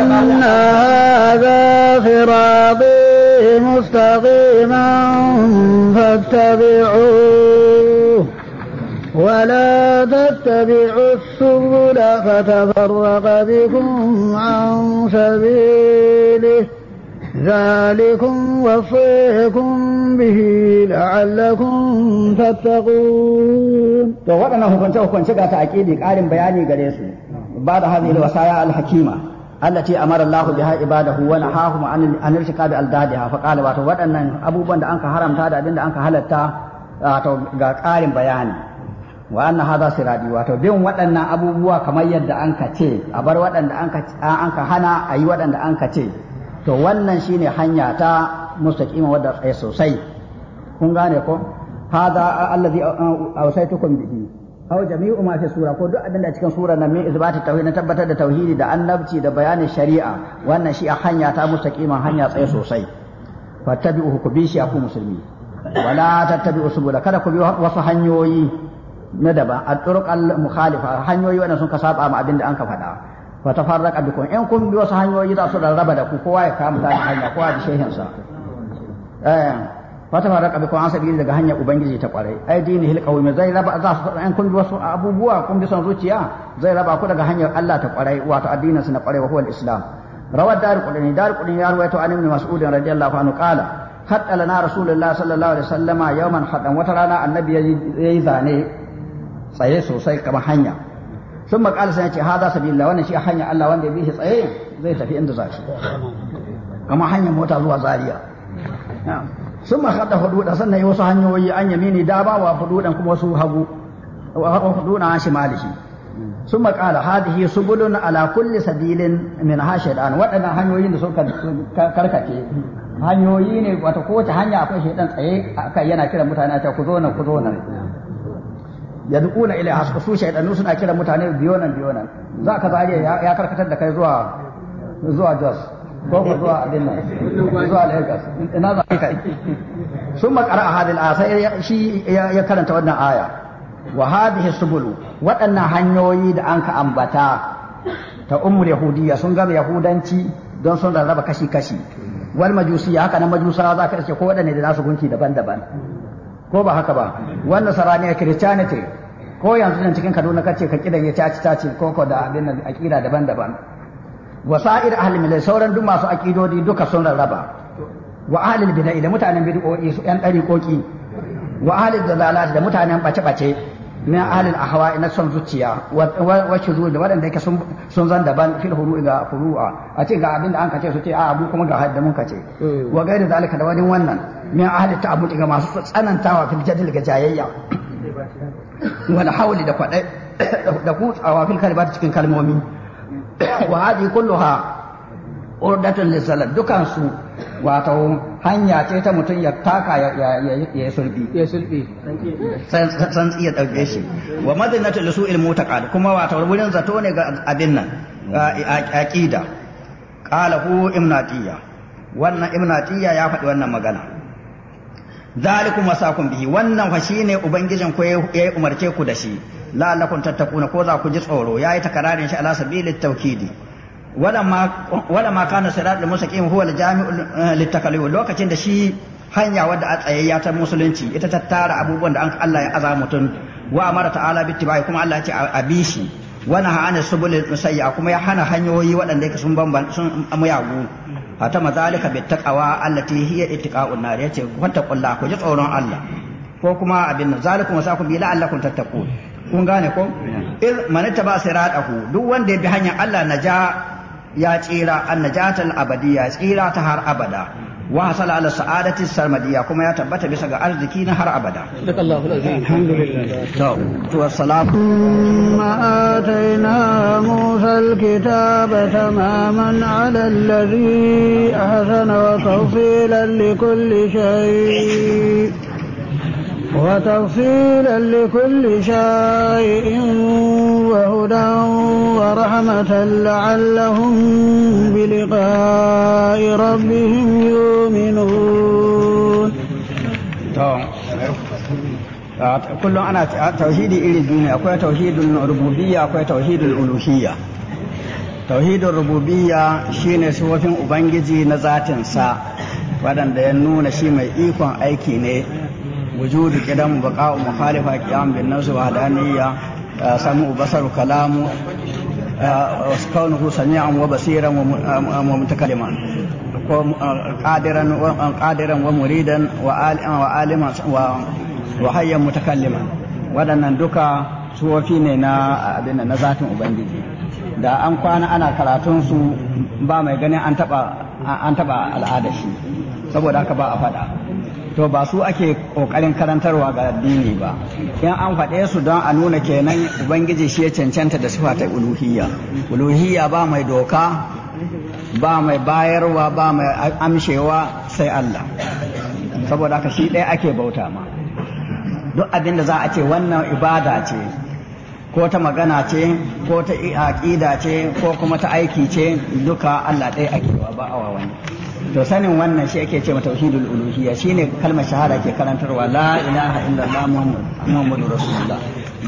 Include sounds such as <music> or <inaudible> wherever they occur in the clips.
وأن هذا صراطي مستقيما فاتبعوه ولا تتبعوا السبل فتفرق بكم عن سبيله ذلكم وصيكم به لعلكم تتقون to waɗannan hukunce hukunce ga ta'aqidi ƙarin bayani gare su ba da hadhihi wasaya al allati amara Allah biha ibadahu wa nahahum an irtikabi aldadiha fa qala wato waɗannan abubuwan da anka haramta da abin da anka halatta ga ƙarin bayani wa anna hadha siradi wato bin waɗannan abubuwa kamar yadda anka ce a bar waɗanda anka anka hana a yi waɗanda anka to wannan shine hanya ta mustaqima wadda tsaye sosai kun gane ko hadha allazi uh, uh, awsaitukum bihi aw jami'u ma sura ko duk abinda cikin sura na min isbati tauhid na tabbatar da tauhidi da annabci da bayanin shari'a wannan shi a hanya ta mustaqima hanya tsaye sosai fattabi'uhu ku bi shi a musulmi wala tattabi'u subula kada ku bi wasu hanyoyi na daban at-turuq al hanyoyi wannan sun ka saba ma abinda an ka faɗa fatafarraka bikum in kun bi wasu hanyoyi za su rarraba da ku kowa ya kama ta hanya ko da shehin sa fata da kabi ko an sabi daga hanyar ubangiji ta kwarai ai dini hil qawmi zai raba za su an kun wasu abubuwa kun bi son zuciya zai raba ku daga hanyar Allah ta kwarai wato addinin su na kwarai wa huwa islam rawad dar qulani dar qulani ya rawaito an ibn mas'ud radiyallahu anhu qala hatta lana rasulullah sallallahu alaihi wasallama yawman hadan wata rana annabi yayi zane tsaye sosai kama hanya ثم قال سنة هذا سبيل الله وانا شيء حنيا الله وانا بيه صحيح زي تفي عند زاشي كما حنيا موتا زوا زاريا نعم sun mahaɗa hududa sannan yi wasu hanyoyi an yamini da ba wa hududan kuma wasu hagu wa hududan an shi. sun maƙala hadihi subulun ala kulli sabilin min hashidan waɗannan hanyoyin da suka karkace hanyoyi ne wata kowace hanya akwai shaidan tsaye akai yana kiran mutane ta ku zo nan ku zo nan yad'una ila hasku su shaidanu suna kiran mutane biyo nan biyo nan za ka zariya ya karkatar da kai zuwa zuwa Jos ko ko zuwa abin zuwa sun makara a hadin sai shi ya karanta wannan aya wa hadhihi subulu waɗannan hanyoyi da an ka ambata ta ummu yahudiyya sun gama yahudanci don sun rarraba kashi kashi wal majusiyya haka na Majusa za ka ce ko waɗanne da su gunki daban-daban ko ba haka ba wannan a christianity ko yanzu nan cikin kaduna kace ka kidan ya caci caci ko ko da abin nan akida daban-daban wasa'ir ahli milal sauran duk masu akidodi duka sun rarraba wa ahli bid'a da mutanen bid'o'i su yan dariƙoƙi wa ahli dalalat da mutanen bace-bace min ahli ahwa na son zuciya wa shuru da waɗanda yake sun sun zan daban fil huru ga furu'a a ce ga abin da an kace su ce a abu kuma ga hadda mun kace hmm. wa gairi zalika da wani wannan min ahli ta'abbud ga masu tsanantawa da da a wafin cikin kalmomi wa hadi kulluha urdatun lisalat dukan su wato hanya ce ta mutum ya taka ya ya sulbi ya sulbi san iya dauke shi wa madinatu lisu'il mutaqad kuma wato wurin zato ne ga abin nan aqida qala hu wannan ya faɗi wannan magana zalikum wasakum bihi wannan fa shine ubangijin ku yayi umarce ku da shi la'allakum tattakuna ko za ku ji tsoro yayi takararin shi ala sabilit tawkidi wala ma wala ma kana siratul mustaqim huwa al-jami'u eh, litakallu lokacin da shi hanya wadda a tsayayya ta musulunci ita ta tara abubuwan da Allah ya aza mutum wa amara ta'ala bittibai kuma Allah ya ce a bi shi wani hana subul musayya kuma ya hana hanyoyi waɗanda yake sun bamban sun muyagu fata mazalika bi taqwa allati hiya ittiqa'un nar yace kwanta qulla ku ji tsoron Allah ko kuma abin nan zalikum wasakum bi la'allakum tattaqun kun gane ko iz man taba siratahu duk wanda ya bi hanyar Allah naja ya tsira annajatal abadiyya tsira ta har abada wa hasala ala sa'adati sarmadiya kuma ya tabbata bisa ga arziki na har abada to to assalamu ma ataina musa alkitaba tamaman ala alladhi ahsana wa tawfilan likulli shay وتفصيلا لكل شيء وهدى ورحمة لعلهم بلقاء ربهم يؤمنون kullum ana tauhidi iri biyu akwai tauhidul rububiyya akwai tauhidul uluhiyya tauhidul rububiyya shine sifofin ubangiji na zatinsa waɗanda ya nuna shi mai ikon aiki ne wujudu kidan baqa'u mukhalifa qiyam bin nafs wa سمع بصر كلام كونه سميعا وبصيرا ومتكلما قادرا ومريدا وعالما وحيا متكلما waɗannan duka suwafi ne na abin na zatin ubangiji da an kwana ana karatun su ba mai ganin an taɓa al'adashi saboda haka ba a faɗa to ba su ake kokarin karantarwa ga addini ba in an faɗe su don a nuna kenan ubangiji shi ya cancanta da sifa ta uluhiyya uluhiyya ba mai doka ba mai bayarwa ba mai amshewa sai Allah saboda haka shi ɗaya ake bauta ma duk abin da za a ce wannan ibada ce ko ta magana ce ko ta aƙida ce ko kuma ta aiki ce duka Allah ɗaya ake wa ba a wani to sanin wannan shi ake ce tauhidul uluhiyya shine kalmar shahara ke karantarwa la ilaha illallah muhammadu rasulullah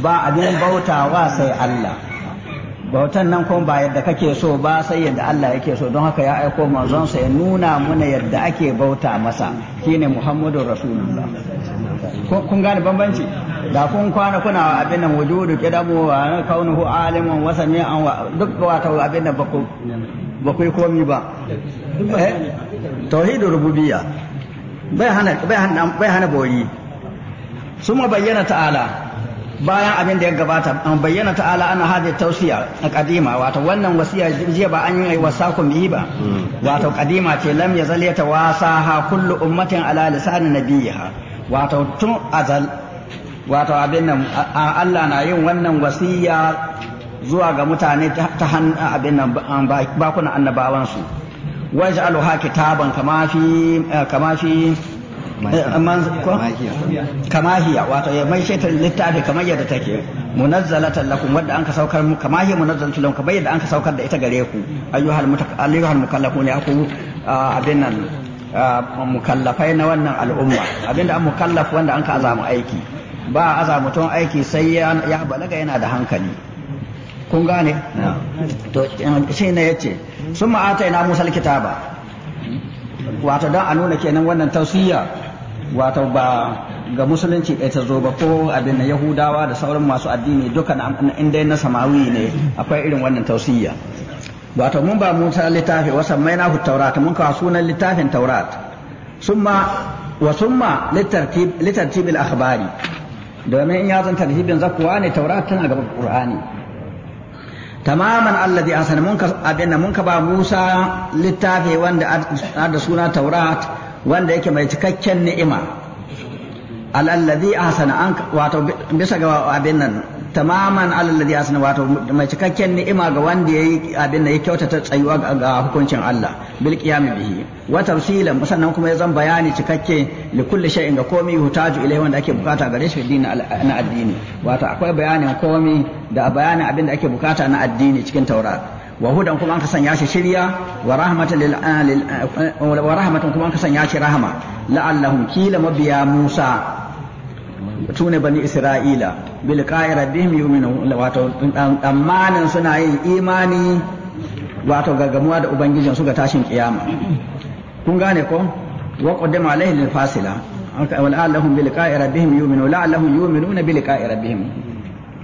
ba abin bautawa sai Allah bautan nan kuma ba yadda kake so ba sai yadda Allah yake so don haka ya aiko manzon sa ya nuna muna yadda ake bauta masa shine muhammadu rasulullah kun gane bambanci da kun kwana kuna abin nan wujudu kidamu wa kaunuhu aliman wa sami'an wa duk wata abin nan ba ku ba ku komi ba Eh? tauhidin rububiyya bai hana bai hana bai hana boyi suma bayyana ta'ala bayan abin da ya gabata an bayyana ta'ala ana hada tausiya a kadima wato wannan wasiya jiya ba an yi wasakum yi ba hmm. wato kadima ce lam yazal yatawasaha kullu ummatin ala lisani nabiyiha wato tun azal wato abin nan Allah na yin wannan wasiya zuwa ga mutane ta hannun abin nan bakunan annabawansu waj'alha kitaban kama fi eh, kama fi eh, kama hiya wato eh, littafi kamar yadda take munazzalatan lakum wadda anka saukar mu kama hiya munazzalatan lakum kamar yadda saukar da ita gare ku ayyuhal ayyuhal mukallafun ya ku ah, abin nan ah, mukallafai na wannan al'umma abinda an mukallaf wanda anka azamu aiki ba azamu ton aiki sai ya balaga yana da hankali kun gane to eh, shi ne yace sun ma'ata ina musal kitaba wato don a nuna kenan wannan tausiya wato ba ga musulunci ɗaya ta zo ba ko abin na yahudawa da sauran masu addini dukkan inda na samawi ne akwai irin wannan tausiya wato mun ba musa littafi wasan mai na taurat mun kawo sunan littafin taurat summa wa summa litartib al akhbari domin in ya zan tartibin zakwa ne taurat tana gaba qur'ani tamaman alladhi ansan mun ka abinda mun ka ba Musa littafi wanda da suna Taurat wanda yake mai cikakken ni'ima alalladhi ahsana an wato bisa ga tamaman alal ladhi wato mai cikakken ni'ima ga wanda yi abin da ya kyautata tsayuwa ga hukuncin Allah bil qiyam bihi wa tafsilan sannan kuma ya zan bayani cikakke li kulli shay'in ga komai hutaju ilai wanda ake bukata gare shi addini na addini wato akwai bayanin komai da bayanin abin da ake bukata na addini cikin taurat wa hudan kuma an kasan sanya shi shirya wa rahmatan lil wa rahmatan kuma an kasan sanya shi rahama la'allahum kila mabiya Musa tune bani isra'ila bil qa'i rabbihim yu'minu wato tsammanin suna yin imani wato gaggamuwa da ubangijin su ga tashin kiyama kun gane ko wa qaddama alaihi lil fasila wal alahum bil qa'i rabbihim yu'minu la'allahum yu'minuna bil qa'i rabbihim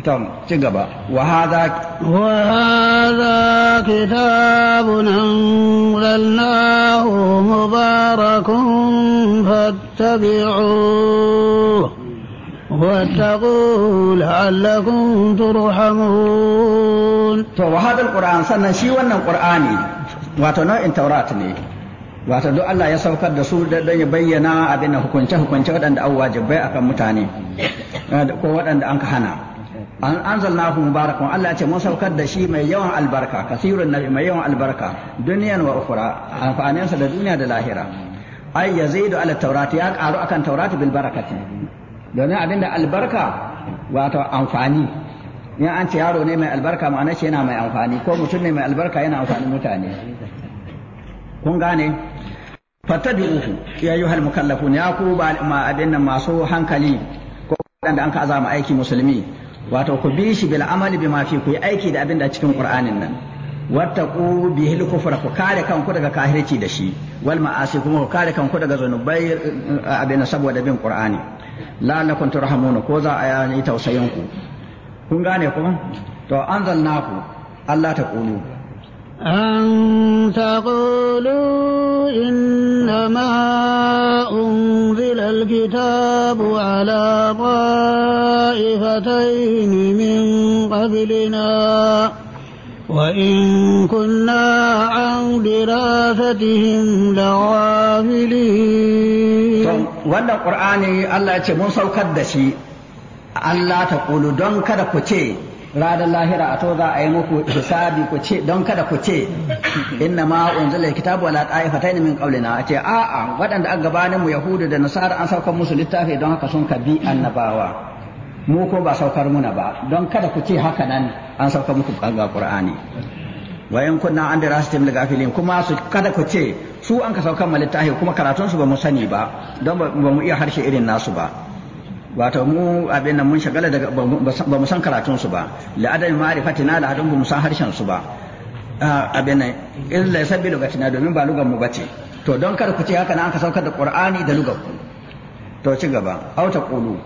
تم تجبا وهذا وهذا كتاب أنزلناه مبارك فاتبعوه واتقوا لعلكم ترحمون to wa hadal qur'an sannan shi wannan qur'ani wato nau'in taurat ne wato duk Allah ya saukar da su don ya bayyana abin hukunce hukunce waɗanda an wajibai akan mutane ko waɗanda an ka hana an anzalnahu mubarakun Allah ya ce mun saukar da shi mai yawan albarka kasirun nabi mai yawan albarka duniyan wa ukhra amfaninsa da duniya da lahira ay yazidu ala taurati ya karu akan taurati bil barakati domin abinda albarka wato amfani in an ce yaro ne mai albarka ma'ana shi yana mai amfani ko mutum ne mai albarka yana amfani mutane kun gane uku, ya yi hal mukallafun ya ku ma abin nan masu hankali ko waɗanda an ka azama aiki musulmi wato ku bi shi bil amali bi fi ku yi aiki da abin da cikin qur'anin nan bi hil kufra ku kare kanku daga kahirci da shi wal ma'asi kuma ku kare kanku daga zanubai abin saboda bin qur'ani la'allakum turhamuna ko za a yi tausayin ku kun gane kuma to an zanna ku Allah ta kulu an taqulu innama unzilal kitabu ala qa'ifatayn min qablina وإن كنا عن دراستهم لغافلين wannan qur'ani Allah ya ce mun saukar da shi Allah ta kulu don kada ku ce ranar lahira a to za a yi muku hisabi ku ce don kada ku ce inna ma unzila kitabu ala ta'ifatain min qablina ce a'a waɗanda an gabanin mu yahudu da nasara an saukar musu littafi don haka sun ka bi annabawa mu ko ba saukar muna ba don kada ku ce haka nan an sauka muku ga qur'ani wa in kunna an dirastim daga filin kuma su kada ku ce su an ka saukar malittahi kuma karatun su ba mu sani ba don ba mu iya harshe irin nasu ba wato mu abin nan mun shagala daga ba mu san karatun su ba la'adami ma'rifatina la'adun ba mu san harshen su ba ah, abin nan in la sabbi lugatina domin ba lugan mu bace to don kada ku ce haka nan an ka saukar da qur'ani da lugan ku to ci gaba auta qulu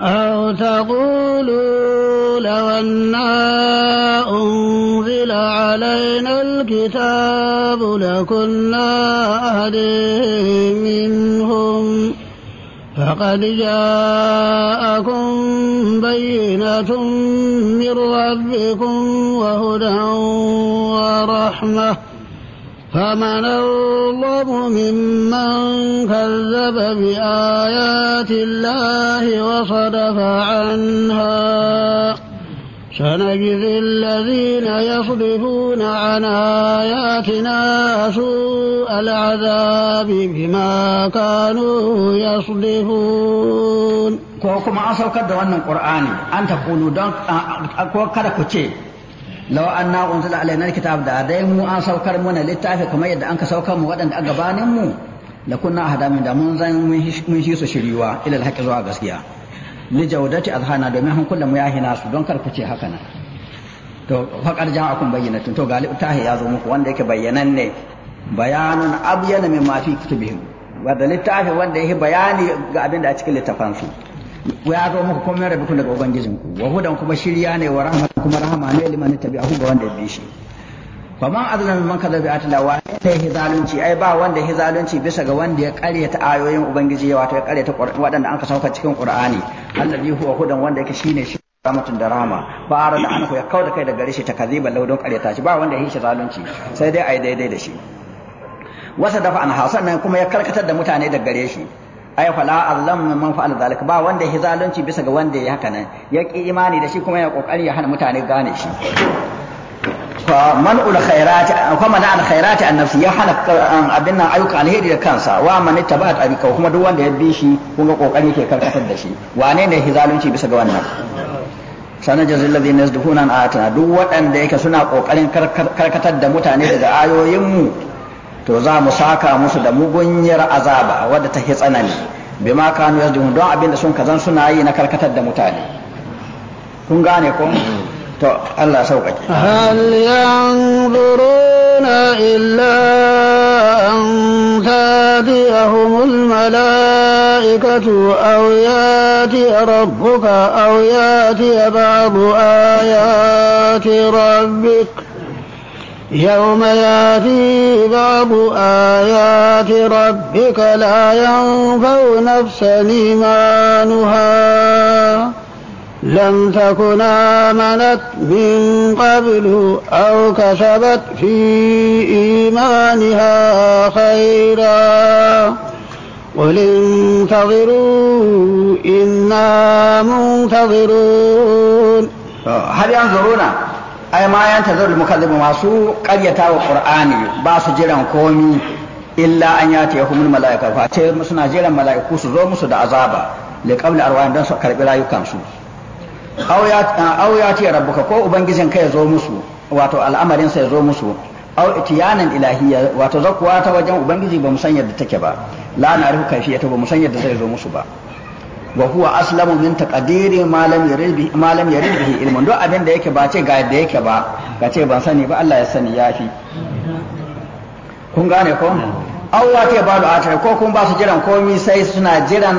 أو تقولوا لو أنا أنزل علينا الكتاب لكنا أهدي منهم فقد جاءكم بينة من ربكم وهدى ورحمه فمن الله ممن كذب بآيات الله وصدف عنها سنجزي الذين يصدفون عن آياتنا سوء العذاب بما كانوا يصدفون ko kuma an saukar da wannan qur'ani an ta kulu don ko kada ku ce law anna unzila alaina alkitab da dai mu an saukar mana littafi kamar yadda an ka saukar mu waɗanda a gabanin mu la kunna ahada min da mun zan mun shi su shiriwa ila alhaqi zuwa gaskiya li jawdati azhana domin hankulan mu ya hina su don kar ku ce haka nan to faqad ja'akum bayyinatun to galib tahi ya zo muku wanda yake bayyanan ne bayanun abyana mimma fi kutubihim wanda littafi wanda yake bayani ga abin da a cikin littafansu ya zo muku kuma rabi kun daga ubangijinku wa hudan kuma shirya ne wa rahama kuma rahama ne liman tabi'ahu ga wanda ya shi fa man azlama man kadha bi atla wa ne hi ai ba wanda hizalunci bisa ga wanda ya karyata ayoyin ubangiji ya wato ya karyata waɗanda an ka sauka cikin qur'ani allazi huwa hudan wanda yake shine shi rahmatun da rahama ba ara da anhu ya kauda kai daga rishi takaziba laudon karyata shi ba wanda ya shi zalunci sai dai ai daidai da shi wasa dafa an hasan nan kuma ya karkatar da mutane daga gare shi ai fala azlam man fa'ala zalik ba wanda ya zalunci bisa ga wanda ya haka nan ya ki imani da shi kuma ya kokari ya hana mutane gane shi fa man ul khairat fa man al khairat an nafsi ya hana um, abin nan ayyuka alheri da kansa wa man ittaba tariqa kuma duk wanda ya bi shi kun ga kokari ke karkatar da shi wane ne ya zalunci bisa ga wannan sana jazil ladina yasduhuna an ayatina duk waɗanda yake suna kokarin karkatar da mutane daga ayoyin mu to za mu saka musu da mugunyar azaba wadda ta tsanani ma kanu jihun, don abin da sun kazan suna yi na karkatar da mutane kun gane ko to Allah sauƙaƙe hal yanzuruna illa an tatiyahumul mala'ikatu aw yati rabbuka aw yati ba'du ayati rabbika يوم ياتي بعض آيات ربك لا ينفع نفسا إيمانها لم تكن آمنت من قبل أو كسبت في إيمانها خيرا قل انتظروا إنا منتظرون طيب، هل ينظرون ai ma yan tazarul mukazzibu masu karyata wa qur'ani ba su jiran komi illa an ya ta yahumul malaika fa ce suna jiran malaiku su zo musu da azaba li qabli arwahin dan su karbi rayukansu aw ya aw ya rabbuka ko ubangijin ka ya zo musu wato al'amarin sa ya zo musu aw itiyanan ilahiyya wato zakuwa ta wajen ubangiji ba mu san yadda take ba la na ruhu kafiyata ba musan yadda zai zo musu ba wa huwa aslamu min taqdiri ma lam yarid bihi ilmu duk abin da yake ba ce ga yadda yake ba ga ce ban sani ba Allah ya sani ya fi kun gane ko Allah ke ba da atar ko kun ba su jiran komi sai suna jiran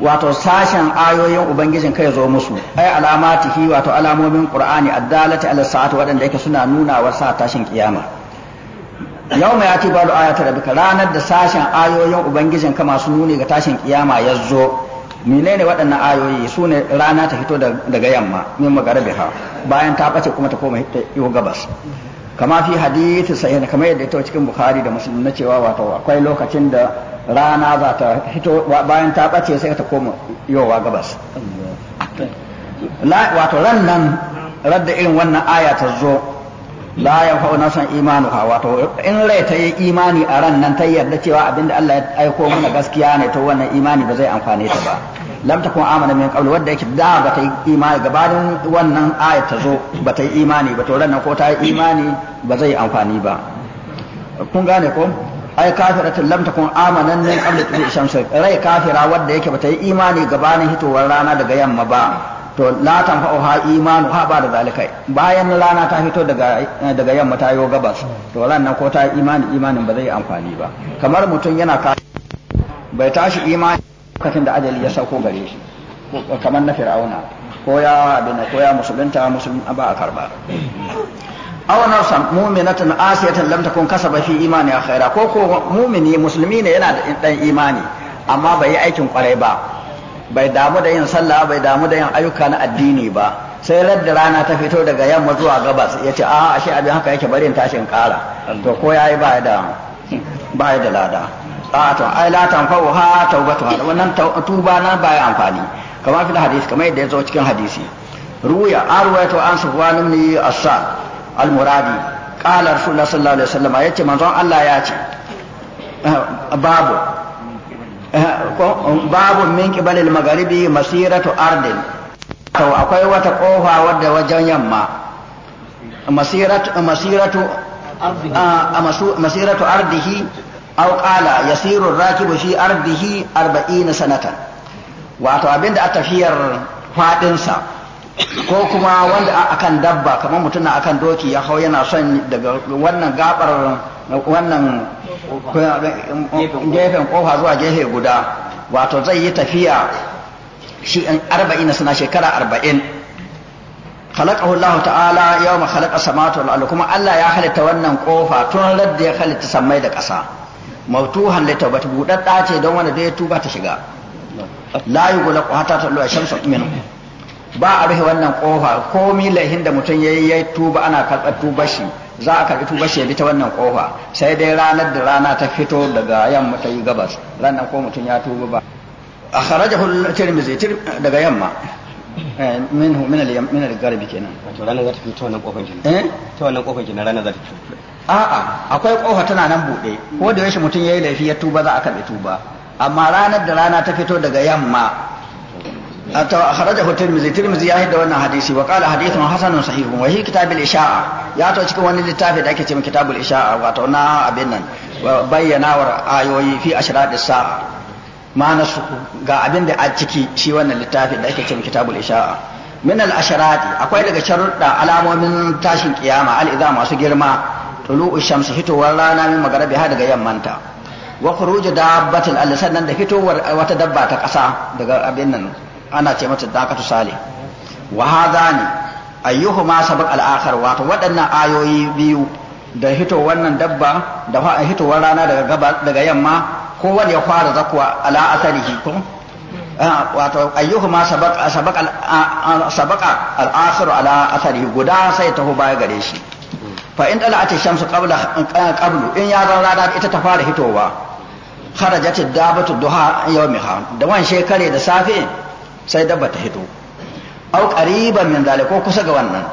wato sashen ayoyin ubangijin kai zo musu ai alamatihi wato alamomin qur'ani addalati ala sa'ati wadanda yake suna nuna wa sa tashin kiyama yau mai ati balu ayata rabbika ranar da sashen ayoyin ubangijin ka masu nuni ga tashin kiyama ya zo menene waɗannan ayoyi su ne rana ta fito daga yamma min ha bayan ta ɓace kuma ta koma ta iyo gabas kama fi hadithi sahih kamar yadda ita cikin bukhari da muslim na cewa wato akwai lokacin da rana za ta fito bayan ta ɓace sai ta koma yowa gabas wato ran nan radda irin wannan aya ta zo la yanfa'u nafsan imanuha wato in rai ta yi imani a ran nan ta yarda cewa abinda Allah ya aiko mana gaskiya ne to wannan imani ba zai amfane ta ba lam takun amana min qabl wanda yake da ba ta yi imani gabanin wannan aya ta zo ba ta yi imani ba to ran ko ta yi imani ba zai amfani ba kun gane ko ai kafiratun lam takun amanan min qabl tubi shamsu rai kafira wanda yake ba ta yi imani gabanin hitowar rana daga yamma ba to la ha imanu ha ba da zalika bayan rana ta fito daga daga yamma ta yo gabas to nan ko ta imani imanin ba zai amfani ba kamar mutum yana ka bai tashi imani lokacin da ajali ya sauko gare shi kamar na fir'auna ko ya abin ko ya musulunta musulun ba a karba na sam mu'minatan asiyatan lam takun kasaba fi imani khaira ko ko mu'mini musulmi ne yana da dan imani amma bai yi aikin kwarai ba bai damu da yin sallah bai damu da yin ayyuka na addini ba sai radda rana ta fito daga yamma zuwa gabas ya ce a ashe abin haka yake bari in tashin kara to ko yayi ba da ba da lada a to ai la tanfa'u ha tawbatu ha wannan tuba na ba ya amfani kamar fil hadisi kamar yadda ya zo cikin hadisi ruya arwayatu an sufwan ibn as-sa'd al-muradi qala rasulullah sallallahu alaihi wasallam yace manzon Allah ya ce babu babu min qibalil magharibi masiratu ardin to akwai wata kofa wadda wajen yamma masiratu masiratu masiratu ardihi aw qala yasiru ar-rakibu fi ardihi 40 sanatan wato abinda a tafiyar fadin sa ko kuma wanda akan dabba kamar mutum akan doki ya hau yana son daga wannan gabar wannan gefen kofa zuwa gefe guda wato zai yi tafiya shi in arba'in suna shekara arba'in khalaqahu Allah ta'ala yawma khalaqa samawati wal ardi kuma Allah ya halitta wannan kofa tun radda ya halitta samai da ƙasa mautuhan li tawbati budadda ce don wanda tuba ta shiga la yughlaqu hatta tatlu ash-shamsu ba a rufe wannan kofa komi laihin da mutum yayi ya tuba ana karɓar tuba shi za a karɓi tuba shi bi ta wannan kofa sai dai ranar da rana ta fito daga yamma ta yi gabas ranar ko mutum ya tuba ba a hul tirmizi daga yamma eh, minhu min al min al garbi kenan to ranar za ta fito wannan kofar kenan eh ta wannan kofar kenan ranar za ta fito a'a akwai kofa tana nan bude ko da yashi mutum yayi laifi ya tuba za a karɓi tuba amma ranar da rana ta fito daga yamma أخرجه الترمذي wannan hadisi وانا حديثي وقال حديث حسن صحيح وهي كتاب الإشاعة يا تو cikin wani littafi da ake cewa kitabul isha'a wato na abin nan bayyanawar ayoyi fi ashraqis sa'a ma'ana su ga abin da a ciki shi wannan littafi da ake cewa kitabul isha'a min al akwai daga sharuɗa alamomin tashin kiyama al idza masu girma tulu'u shamsi hitowar rana min magarabi har daga yammanta wa da dabbatin al sannan da fitowar wata dabba ta ƙasa daga abin nan ana ce mata dakatu salih wa hadani ayyuhuma sabaq al akhar wato waɗannan ayoyi biyu da hito wannan dabba da fa hitowar rana daga gaba daga yamma ko wanda ya fara zakwa ala asarihi ko ah, wato ayyuhuma sabaq sabaq al sabaq al akhar ala asarihi guda sai taho baya gare shi fa in dala ati shamsu qabla eh, qablu in ya zan rana ita ta fara hitowa kharajat dabatu duha yawmiha da wan shekare da safe sai dabba ta hito au qariban min zalika ko kusa ga wannan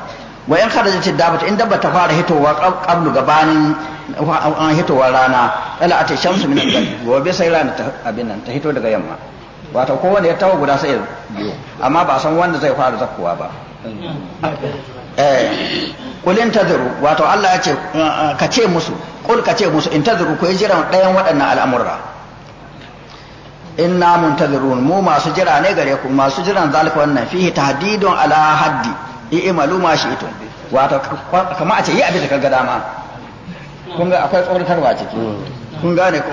wa in kharajat dabbatu in dabba ta fara hitowa qablu gabanin an hitowar rana ala ata shamsu min al gobe sai rana ta abin nan ta hito daga yamma wato wanda ya tawo guda sai biyu amma ba san wanda zai fara zakkuwa ba eh kulin taziru wato Allah ya ce ka ce musu kul ka ce musu in taziru jira ɗayan waɗannan al'amurra inna muntazirun mu masu jira ne gare ku masu jiran zalika wannan fihi tahdidun ala haddi i'malu ma ito wato kamar a ce yi abin da kaga dama kun ga akwai tsoratarwa ciki kun gane ku.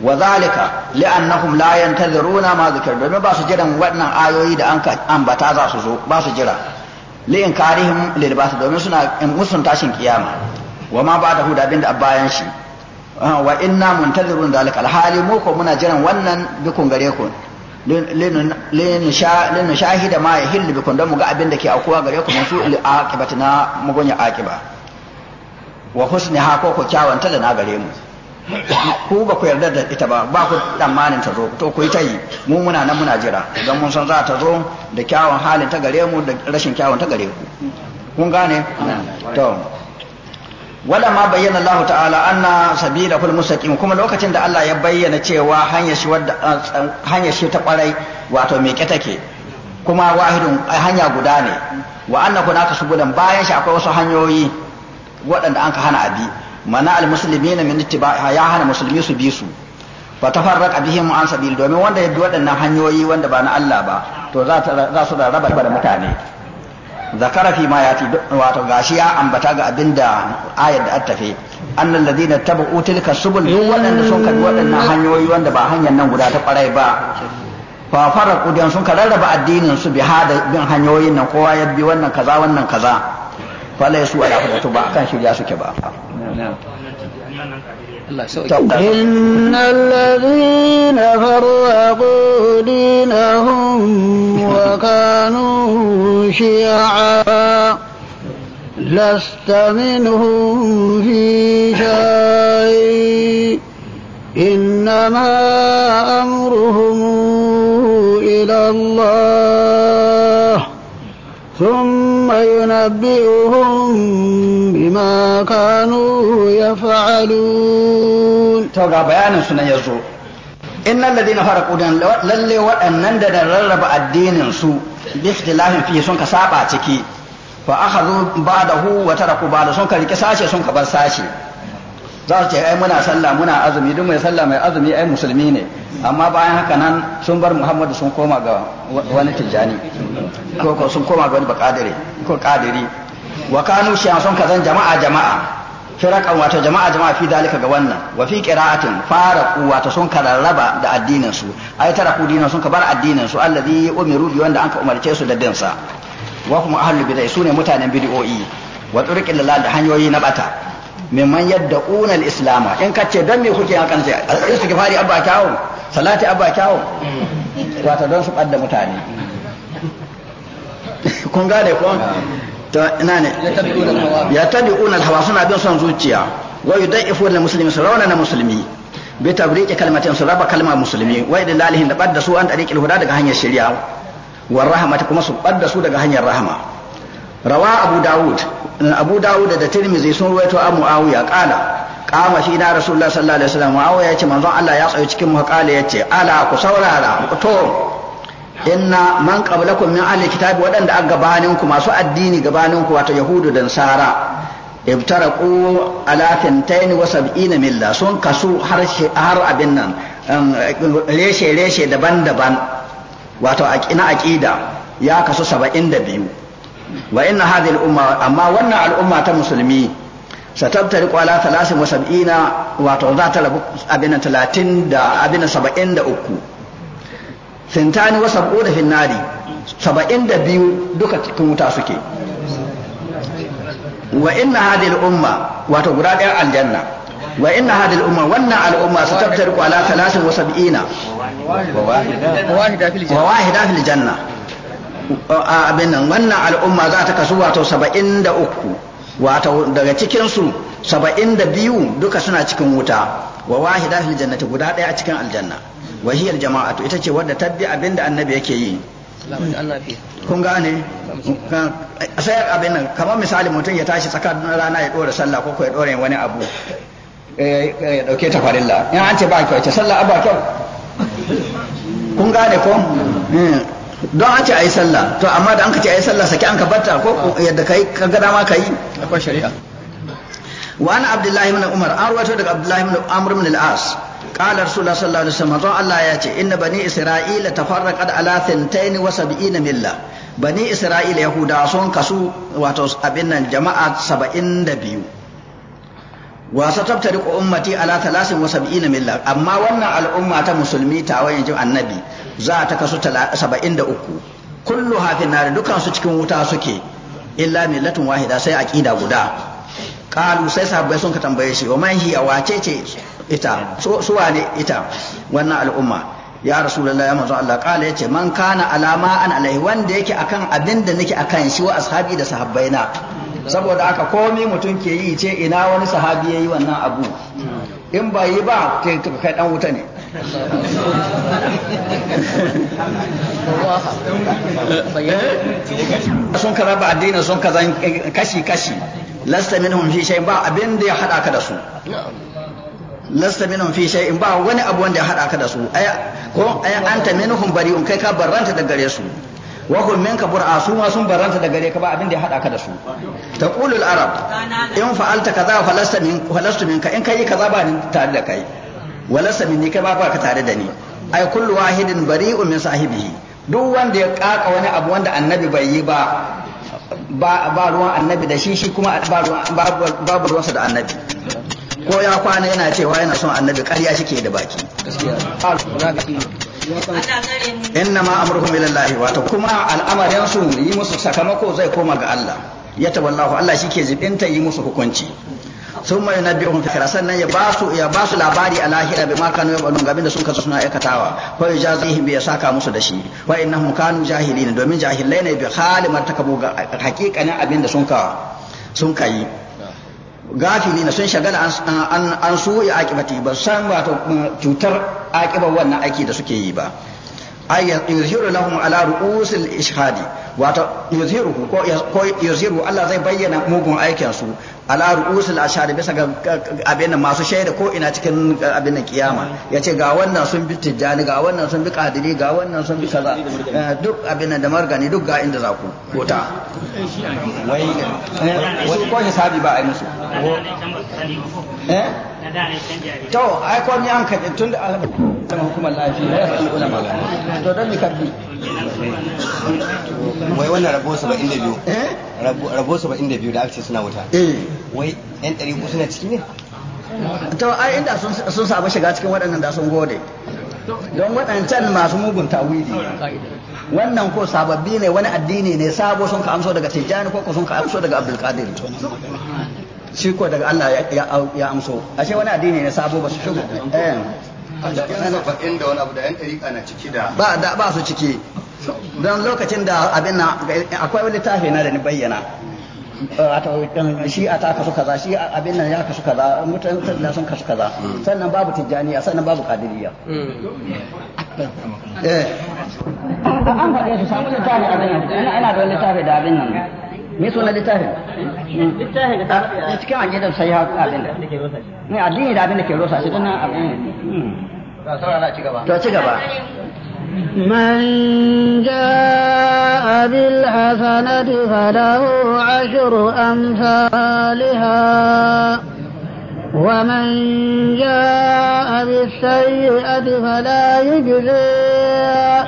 wa zalika li'annahum la yantaziruna ma zikr domin ba su jiran wannan ayoyi da an ambata za su zo ba su jira inkarihim lil su domin suna musun tashin kiyama wa ma ba da huda bin da bayan shi Ah, wa inna muntazirun dalik alhali mu ko muna jiran wannan bikun gare ku lin shahida ma ya hillu bikun don mu ga abin da ke aukuwa gare ku su il aqibati na mugunya aqiba wa husni ha ko ko kyawanta da na gare mu ku ba ku yarda da ita ba ba ku tsammanin ta zo to ku yi ta yi mu muna nan muna jira don mun san za ta zo da kyawun halin ta gare mu da rashin kyawun ta gare ku kun gane to bayyana Allah ta'ala anna sabila سبيله المستقيم kuma lokacin da Allah ya bayyana cewa hanyar shi wadda hanyar shi ta kwarai wato me ke take kuma wahidun hanya guda ne wa anna hunaka subulan bayan shi akwai wasu hanyoyi waɗanda an ka hana abi mana al muslimina min ittiba'iha ya hana musulmi su bi su fa tafarraqa bihim an sabil domin wanda ya bi waɗannan hanyoyi wanda ba na Allah ba to za su raba da mutane ذكر في ma ياتي wato gashi ya ambata ga abinda ayar da attafe annal ladina tabu tilka subul duk waɗanda sun kabi waɗannan hanyoyi wanda ba hanyar nan guda ta kwarai ba fa faraku dan sun kararraba addinin su bi hada bin hanyoyin nan kowa ya bi wannan kaza wannan kaza fa laysu ala hudatu ba kan shirya suke ba الله يسوي إن الذين فرقوا دينهم وكانوا شيعا لست منهم في شيء إنما أمرهم إلى الله ثم يوم ينبئهم بما كانوا يفعلون توقع بيانا سنة يزو إن الذين فرقوا دين للي وأنن دين ررب الدين سو باختلاف فيه سنك سابع تكي فأخذوا بعده وتركوا بعده سنك لكساشي سنك بساشي za su ce ai muna sallah muna azumi duk mai sallah mai azumi ai musulmi ne amma bayan haka nan sun bar muhammadu sun koma ga wani tijjani ko sun koma ga wani bakadire ko kadiri wa kanu shi sun kazan jama'a jama'a firaqan wato jama'a jama'a fi dalika ga wannan wa fi qira'atin faraqu wato sun kararraba da addinin su ai taraku dinin sun bar addinin su allazi umiru bi wanda anka umarce su da din sa wa kuma ahlul bid'ah sune mutanen bid'o'i wa turqil da hanyoyi na bata mimman yadda unal islama in ka ce don me kuke sai ce fari abba kyawu salati abba kyawu wata don su ɓadda mutane <laughs> kun gane ko ta ina ne ya tabi unal hawa suna bin son zuciya wa ifo da musulmi su raunana musulmi bi tabriki kalmatin su raba kalma musulmi wa lalihin da ɓadda su an tariqil huda daga hanyar shari'a wa rahmata kuma su ɓadda su daga hanyar rahama rawa abu dawud da tirmizi sun ruwaito a muawiya kala. kama fi na rasulullah sallallahu alaihi wasallam muawiya yace manzon Allah ya tsaye cikin mu yace ala ku saurara to inna man qablakum min ahli kitabi wadanda an gabanin ku masu addini gabanin ku wato yahudu da nasara ibtaraqu ala thintain wa sun kasu har har abin nan um, reshe reshe daban-daban wato aqina aqida ya kasu biyu. wa inna hadhihi al-umma amma wannan al'umma ta musulmi satabtari kwala talatin wa sab'ina wato za ta rabu abin talatin da abin saba'in da uku sintani wa sab'u da finnari saba'in da biyu duka cikin wuta suke wa inna hadhihi al-umma wato guda ɗayan aljanna wa inna hadhihi al-umma wannan al'umma umma satabtari kwala talatin wa sab'ina wa wahida fil janna abin nan wannan al'umma za ta kasu wato saba'in da uku wato daga cikinsu saba'in da biyu duka suna cikin wuta wa wahida fil jannati guda ɗaya a cikin aljanna wa hiyal jama'atu ita ce wadda tabbi abin da annabi yake yi kun gane sai abin nan kamar misali mutum ya tashi tsakanin rana ya ɗora sallah ko ya ɗora wani abu eh, eh, ya ɗauke ta farilla in an ce ba kyau ce sallah ba kyau kun gane ko hmm. don an ce a yi sallah to amma da an ka ce a yi sallah saki an ka batta ko yadda ka yi ka gada ma ka yi akwai shari'a wa an abdullahi umar an rawaito daga abdullahi ibn amr ibn al-as qala rasulullah sallallahu alaihi wasallam don Allah ya ce inna bani isra'ila tafarraqat ala 72 milla bani isra'ila yahuda sun kasu wato abin nan jama'a 72 wa ku ummati ala 73 milla amma wannan al'umma ta musulmi ta wayan jin annabi za ta kasu 73 kullu hafi nar dukan su cikin wuta suke illa millatun wahida sai aqida guda qalu sai sahabbai sun ka tambaye shi wa man hiya wace ce ita su wane ita wannan al'umma ya rasulullah ya manzo Allah kala yace man kana alama an alai wanda yake akan abinda nake akan shi wa ashabi da sahabbaina saboda aka komi mutum ke yi ce ina wani sahabi ya yi wannan abu in ba yi ba kai dan wuta ne sun ka raba addinin sun ka zan kashi-kashi lasta minhum fi shay'in ba abin da ya hada ka da su lasta minhum fi shay'in ba wani abu wanda ya hada ka da su ko ay anta minhum bari'un kai ka barranta da gare su wa ka bur'a su ma sun baranta da gare ka ba abin da ya hada ka da su taqulu kulul arab in fa'alta kaza falasta min ka in kai kaza ba ni tare da kai walasta minni kai ba ka tare da ni ai kullu wahidin bari'un min sahibihi duk wanda ya kaka wani abu wanda annabi bai yi ba ba ruwan annabi da shi shi kuma babu ruwansa da annabi ko ya kwana yana cewa yana son annabi ƙarya shi ke da baki inna ma amurkum ilallahi wato kuma al'amarin yi musu sakamako zai koma ga Allah ya tawallahu Allah shi ke zibinta yi musu hukunci sun mai na biyu fikira sannan ya ba su ya ba su labari a lahira bai ma kanu yabalun gabin da sun kasu suna aikatawa ko ya jazihim bi ya saka musu da shi wa innahum kanu jahili ne domin jahilai ne bai halimar takabu ga hakikanin abin da sun ka sun kai gafili na sun shagala an su ya akibati ba san wato mm, cutar akibar wannan aiki da suke yi ba ay yuzhiru lahum ala ru'usil ishhadi wato yuzhiru ko ko yuzhiru Allah zai bayyana mugun aikin su ala ru'usul ashari bisa ga abin masu shaida ko ina cikin abin nan kiyama yace ga wannan sun bi tijjani ga wannan sun bi qadiri ga wannan sun bi kaza duk abin da margani duk ga inda za ku kota wai wai ko hisabi ba ai musu eh to ai ko ni an kaɗe tun da alamun ta hukumar lafiya ya fi ulama to don ni karbi wai wannan rabo 72. da biyu eh? rabo 72 da biyu da aka ce suna wuta eh. wai yan ɗari uku suna ciki ne to ai inda sun samu shiga cikin waɗannan da sun gode don waɗancan masu mugun tawili wannan ko sababbi ne wani addini ne sabo sun ka amso daga tijjani ko sun ka amso daga abdulkadir shi ko daga Allah ya amso ashe wani addini ne sabo ba su shigo eh cikin saba'in da wani abu da yan tarika na ciki da ba da ba su ciki don lokacin da abin na akwai wani littafi na da ni bayyana eh, shi a ta kasu kaza shi abin nan ya kasu kaza mutane da sun kasu kaza hmm. sannan babu tijjaniya sannan babu kadiriya hmm. eh an faɗe su samu littafi abin nan ina da wani littafi da abin nan me sunan littafin hmm. littafin da ah, cikin aqidar sai ha abin da ne addini da abin da ke rosa shi dan abin hmm. to ci gaba من جاء بالحسنة فله عشر أمثالها ومن جاء بالسيئة فلا يجزي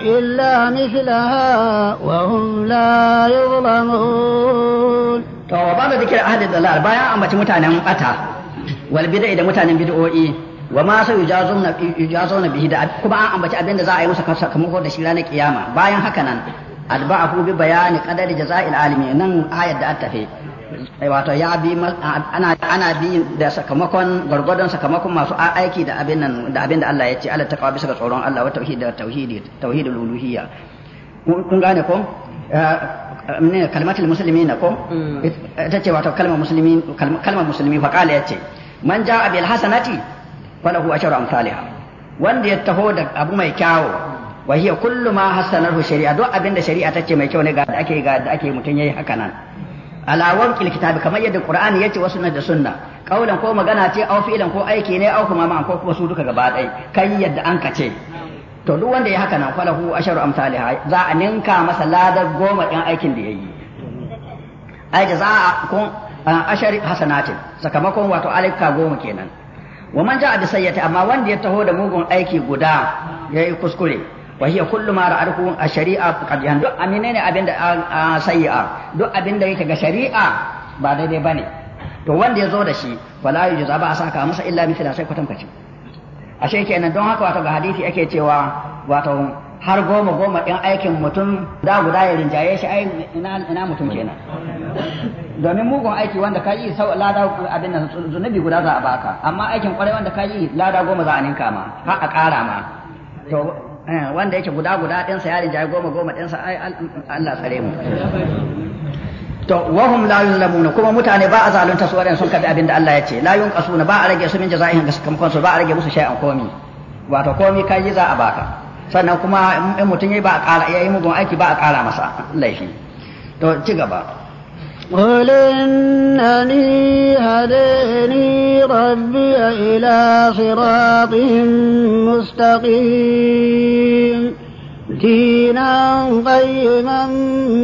إلا مثلها وهم لا يظلمون to babu zikir ahli dalal bayan ambaci mutanen bata wal bid'a da mutanen bid'o'i wa ma sa yujazuna yujazuna bihi da kuma an ambaci abin da za a yi musu sakamako da shi ranar kiyama bayan haka nan adba'ahu bi bayani qadari jaza'il alimi nan ayat da attafe Eh, wato ya bi ana ana bi da sakamakon gargadon sakamakon masu aiki da abin nan da abin da Allah ya ce Allah kawo bisa ga tsoron Allah wa tauhid da tauhidi tauhidul uluhiyya kun gane ko eh, ne kalmatul muslimin ko mm. ita ce wato kalmar musulmi kalmar muslimi fa kala yace man jaa bil hasanati falahu asharu amsalha wanda ya taho da abu mai kyawo wa hiya kullu ma hasanahu shari'a duk abinda shari'a tace mai kyau ne ga da ake ga da ake mutun yayi haka nan alawar wafqil kamar yadda qur'ani yace wa na da sunna kaulan ko magana ce au fi'lan ko aiki ne au kuma ma'an ko kuma su duka gaba ɗaya kan yadda an kace to duk wanda ya haka nan falahu asharu amsalih za a ninka masa ladar goma din aikin da yayi ai jaza'a kun ashari hasanatin sakamakon wato alika goma kenan wa man ja'a bi sayyati amma wanda ya taho da mugun aiki guda yayi kuskure wa hiya kullu ma ra'atuhu ash-shari'a qadiyan duk amine ne abin da sayyi'a duk abin da yake ga shari'a ba daidai bane to wanda ya zo da shi wala yujza ba a saka masa illa mithla sai kwatankwacin ashe kenan don haka ga hadisi ake cewa wato har goma goma ɗin aikin mutum da guda ya rinjaye shi ai ina mutum kenan domin mugun aiki wanda ka yi sau lada abin nan zunubi guda za a baka amma aikin kwarai wanda ka yi lada goma za a ninka ma har a ƙara ma to Eh, wanda yake guda guda ɗinsa ya rinjaye goma goma ɗinsa ai Allah tsare mu to wahum la yulamuna kuma mutane ba a zalunta su waɗanda sun kafi abin da Allah ya ce la yunqasuna ba a rage su min jaza'ihim ga sukan su ba a rage musu shay'an komi wato komi kai za a baka sannan kuma in mutum yayi ba a ƙara yayi mugun aiki ba a ƙara masa laifi to ci gaba qul innani hadai ربي إلى صراط مستقيم دينا قيما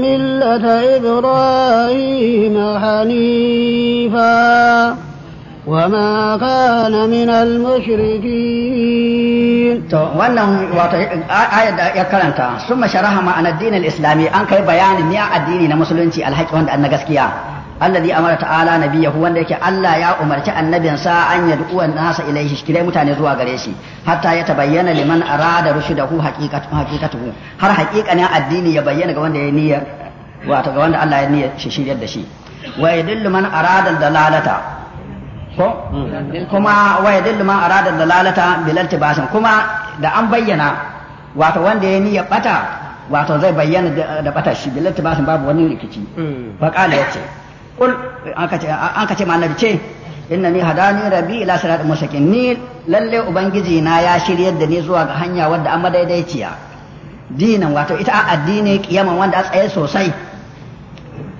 ملة إبراهيم حنيفا وما كان من المشركين wannan wato ayar da ya karanta summa sharaha ma'anar addinin islami an kai bayanin ne addini na musulunci alhaki wanda an na gaskiya alladhi amara ta'ala nabiyahu wanda yake Allah ya umarci annabinsa an yad'u nasa ilaihi kirai mutane zuwa gare shi hatta ya tabayyana liman arada rushdahu haqiqatu haqiqatuhu har haqiqanin addini ya bayyana ga wanda ya niyyar wato ga wanda Allah ya niyyar shi shiryar da shi wa yadillu man arada dalalata ko kuma wa yadillu man arada dalalata bilal tibasin kuma da an bayyana wato wanda ya niyyar bata wato zai bayyana da bata shi bilal tibasin babu wani rikici hmm. fa qala yace kul an ka ce ma annabi ce inna ni hadani rabi ila siratin mustaqim ni lalle ubangiji na ya shiryar da ni zuwa ga hanya wadda an madaidaiciya dinan wato ita a addini kiyaman wanda a tsaye sosai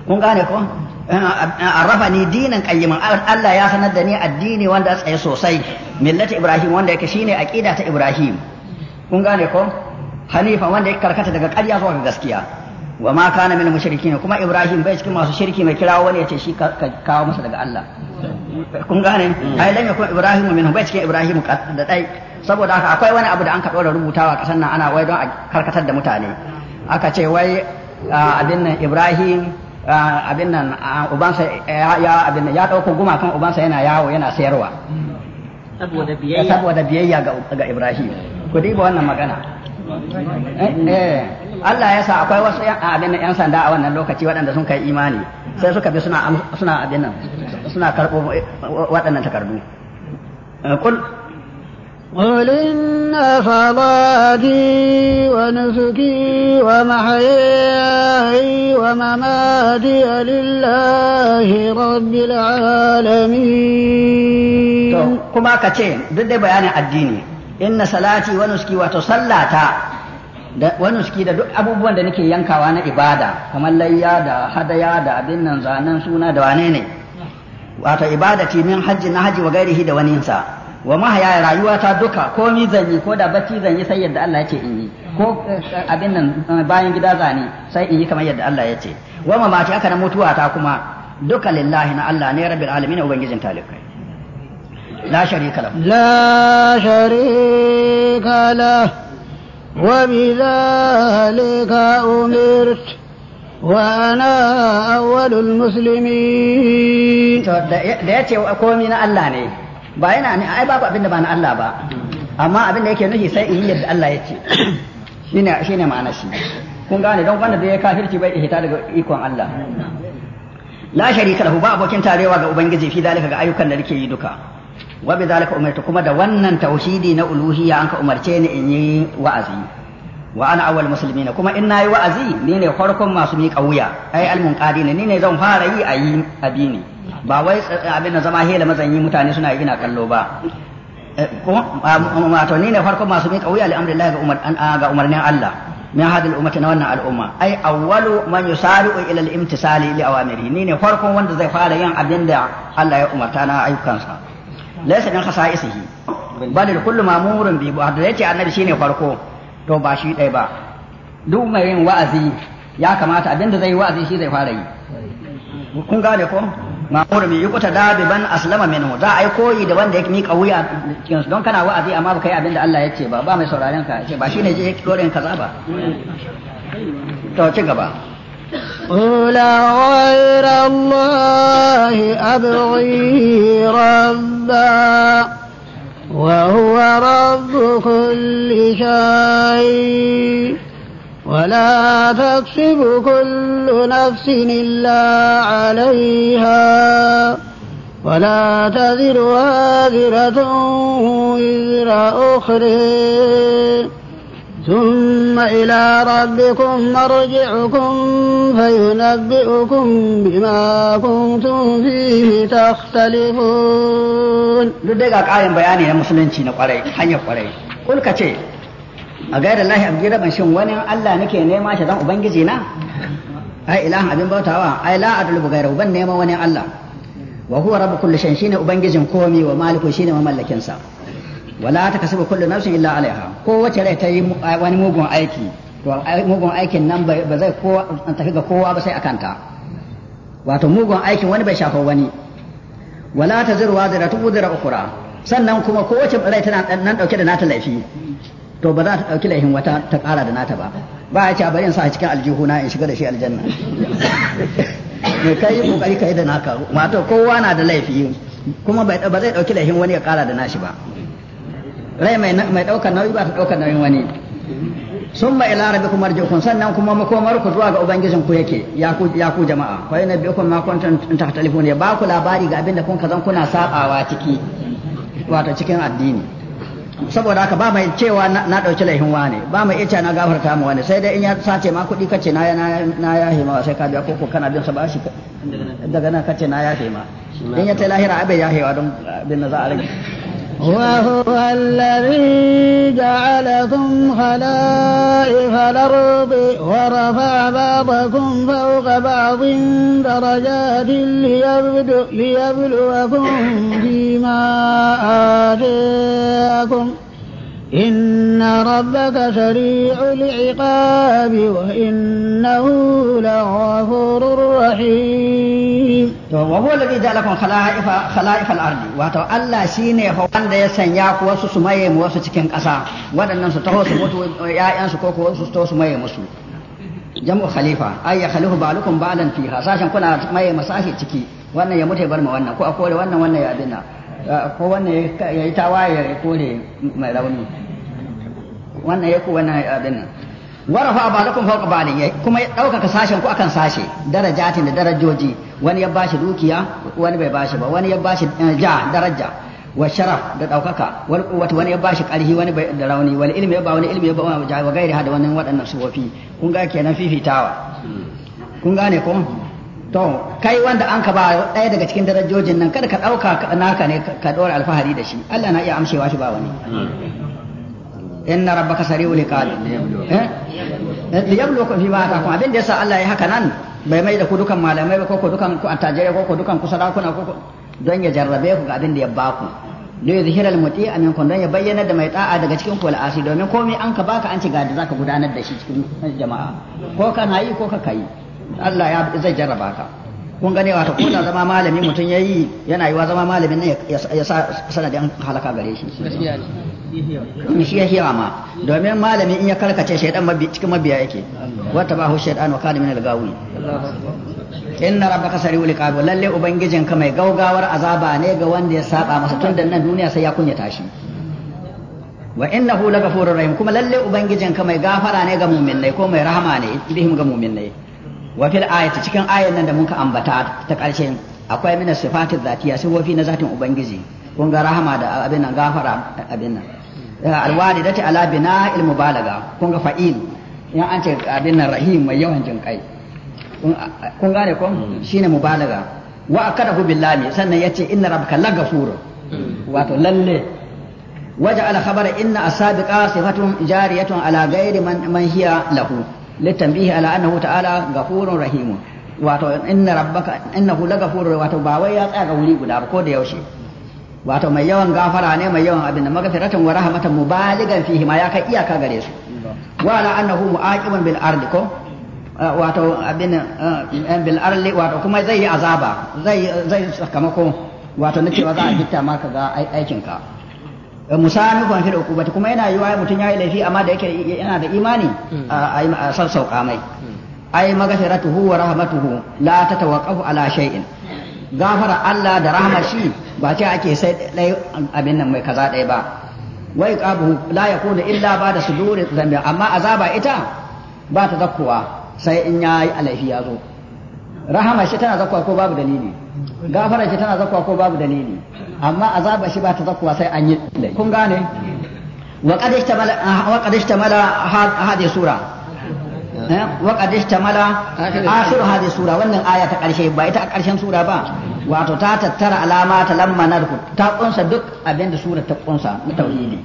kun gane ko arrafa ni dinan qayyiman Allah ya sanar da ni addini wanda a tsaye sosai millati ibrahim wanda yake shine aqida ta ibrahim kun gane ko hanifa wanda yake karkata daga ƙarya zuwa ga gaskiya wa ma kana min mushrikin kuma ibrahim bai cikin masu shirki mai kirawo wani yace shi ka kawo masa daga Allah kun gane hmm. ai lam kuma ibrahim min bai cikin ibrahim da dai saboda haka akwai wani abu da an ka dora rubutawa kasan nan ana wai don a karkatar da mutane aka ce wai abin nan ibrahim abin nan ubansa ya abin nan ya dauko gumakan ubansa yana yawo yana sayarwa saboda biyayya saboda biyayya ga ibrahim ku ba wannan magana eh, eh. Allah ya sa akwai wasu abin nan yan sanda a wannan lokaci waɗanda sun kai imani sai suka bi suna abin nan suna karɓo waɗannan takardu eh, qul قل إن صلاتي ونسكي ومحياي ومماتي لله رب العالمين كما كتين ضد بيان الدين إن صلاتي ونسكي وتصلاتا wannan suke da duk abubuwan da nake yankawa na ibada kamar layya da hadaya da abin nan zanen suna da wane ne wato ce min hajji na haji wa gairihi da wani sa wa mahaya rayuwata duka komi zan yi ko da bacci zan yi sai yadda Allah ce in yi ko eh, abin nan eh, bayan gida zane sai in yi kamar yadda Allah ya ce wa mace aka na mutuwa ta kuma duka lillahi na Allah ne rabbil alamin ubangijin talibai la sharika lahu la sharika lahu وبذلك أمرت وأنا أول المسلمين da ya ce komi na Allah ne ba yana ne babu abin ba na Allah ba amma abin da yake nufi sai in yi yadda Allah ya ce shine shine ma'anar shi kun gane don wanda da ya kafirci bai ihita daga ikon Allah la sharika lahu ba abokin tarewa ga ubangiji fi dalika ga ayyukan da nake yi duka wa bi zalika umirtu kuma da wannan tauhidi na uluhiyya an ka umarce ni in yi wa'azi wa ana awwal muslimina kuma in nayi wa'azi ni ne farkon masu mi kauya ai almun qadina ni ne zan fara yi a yi abini ba wai abin da zama hela mazan yi mutane suna yi ina kallo ba wato eh, ni ne farkon masu mi kauya li amrillahi ga umarnin Allah min hadhihi al-ummati na wannan al'umma ai awwalu man yusari'u ila al-imtisali li awamiri ni ne farkon wanda zai fara yin abin da Allah ya umarta na ayyukansa laysa min khasa'isihi bal kullu ma'murun bi da yace annabi shine farko to ba shi dai ba duk mai yin wa'azi ya kamata abinda zai wa'azi shi zai fara yi kun gane ko ma'mur bi yuqta da bi ban aslama minhu za a yi koyi da wanda ya mika wuya cikin don kana wa'azi amma baka yi abinda Allah ya ce ba ba mai sauraren ka ce ba shine je dorin kaza ba to ci gaba قل غير الله أبغي ربا وهو رب كل شيء ولا تكسب كل نفس إلا عليها ولا تذر وازرة وزر أخرى ثم إلى ربكم مرجعكم فينبئكم بما كنتم فيه تختلفون لديك قائم بياني يا مسلمين قري حنيا قري قل كتي أغير الله أبجير من شن وني ألا نكي نيما شدان أبنجزي نا أي إله أبن بوتاوا أي لا أدلب غيره بن نيما وني الله وهو رب كل شيء شين أبنجزي كومي ومالك شين ومالك إنسان wala ta kasaba kullu nafsin illa alaiha ko wace rai ta yi wani mugun aiki to mugun aikin nan ba zai kowa an tafi ga kowa ba sai akan ta wato mugun aikin wani bai shafa wani wala ta zira wazira ta uzira ukura sannan kuma ko wace rai tana nan dauke da nata laifi to ba za ta dauki laifin wata ta kara da nata ba ba ya ce bari in sa cikin aljihuna in shiga da shi aljanna <laughs> mai kai kokari kai da naka wato kowa na da laifi kuma ba zai dauki laifin wani ya kara da nashi ba rai mai mai daukar nauyi ba ta daukar nauyin wani ba ila rabbikum marji'ukum sannan kuma makomar ku zuwa ga ubangijin ku yake ya ku ya ku jama'a fa yana bi'ukum ma ta telefon ya ba ku labari ga abin da kun kazan kuna sabawa ciki wato cikin addini saboda haka ba mai cewa na dauki laifin wane ba mai iya na gafarta mu wane sai dai in ya sace ma kuɗi kace na na ya hima sai ka biya koko kana bin sa ba shi daga nan kace na ya hima in ya ta lahira abai ya hewa don bin za a rage وهو الذي جعلكم خلائف الأرض ورفع بعضكم فوق بعض درجات ليبلوكم فيما آتيكم إن ربك سريع العقاب وإنه لغفور رحيم وهو الذي لكم خلائف خلائف الأرض واتو الله سيني فوان دي سنياك واسو سمي موسو تكين قصا وانا ننسو تهو سموتو يا ينسو كوكو واسو تهو سمي موسو جمع خليفة أي خليفة بالكم بالا فيها ساشن كنا مي مساشي تشيكي وانا يموتي برمو وانا كو أقول وانا وانا يا أبنا ko wanne ya yi tawaye ya kore mai rauni wannan ya ku wannan abin nan warafa ba lakum fawqa bali kuma ɗaukaka sashen ku akan sashe darajatin da darajoji wani ya bashi dukiya wani bai bashi ba wani ya bashi eh, ja daraja wa sharaf da ɗaukaka wal quwwati wani ya bashi ƙarfi wani bai da rauni wal ilmi ya ba wani ilmi ya ba wani ja wa gairi hada wannan waɗannan sufofi kun ga kenan fifitawa kun gane ko to kai wanda an ka ba ɗaya daga cikin darajojin nan kada ka ɗauka naka ne ka ɗora alfahari da shi Allah na iya amshewa shi ba wani inna kasari wuli iqab eh, eh liyabluwakum fi ma ataakum abin da yasa Allah ya haka nan bai mai da ku dukan malamai ba ko dukan ku ko dukan ku sarakuna ko don ya jarrabe ku ga abin da ya baku da ya zihira almuti a don ya bayyana da mai ta'a daga cikin ku domin komai an ka baka an ci ga da zaka gudanar da shi cikin jama'a ko kana yi ko ka kai Allah ya zai jarraba ka kun gane wato ko da zama malami mutum ya yi yana yiwa zama malamin ne ya sa sanadin halaka gare shi shi ya hira ma domin malami in ya karkace shaidan cikin mabiya yake wata ba hu shaidan wa kana min al-gawi inna rabbaka sari'u liqab lalle ubangijin ka mai gaugawar azaba ne ga wanda ya saba masa tun da nan duniya sai ya kunya tashi wa innahu lagafurur rahim kuma lalle ubangijin ka mai gafara ne ga mu'minnai ko mai rahama ne bihim ga mu'minnai wa fil cikin ayan nan da muka ambata ta ƙarshe akwai mina sifati zatiya sifofi na zatin ubangiji kun ga rahama da abin nan gafara abin nan alwalidati ala bina il mubalaga kun ga fa'il in an ce abin nan rahim mai yawan jin kai kun gane ko shine wa sannan inna rabbaka lagafur wato lalle وجعل خبر إن السابقة صفة جارية على غير من, من هي له litanbihi ala annahu ta'ala ghafurun rahimun wato inna rabbaka innahu laghafurun wato ba wai ya tsaya ga wuri guda ba ko da yaushe wato mai yawan gafara ne mai yawan abin da magfiratan wa rahmatan mubaligan fihi ma ya kai iyaka gare su wa ala annahu mu'aqiban bil ardi ko wato abin bil arli wato kuma zai yi azaba zai zai sakamako wato na ba za a gitta maka ga aikinka musami kwan fi da uku kuma yana wa mutum ya yi laifi amma da yake yana da imani mm. a sauka mai mm. ai maghfiratuhu wa rahmatuhu la tatawaqqafu ala shay'in gafara Allah da rahama shi ba ce ake sai dai abin nan mai kaza dai ba wai qabu la yakunu illa ba da suduri zambi amma azaba ita ba ta zakkuwa sai in yayi alaifi ya zo rahama shi tana zakwa ko babu dalili gafara shi tana zakwa ko babu dalili amma azaba shi ba ta zakwa sai an yi dalili kun gane wa qad mala wa qad sura wa qad ishtamala eh? akhir hadi sura wannan aya ta karshe ba ita a karshen sura ba wato ta tattara alama ta lamma narku ta kunsa duk abinda sura ta kunsa na tauhidi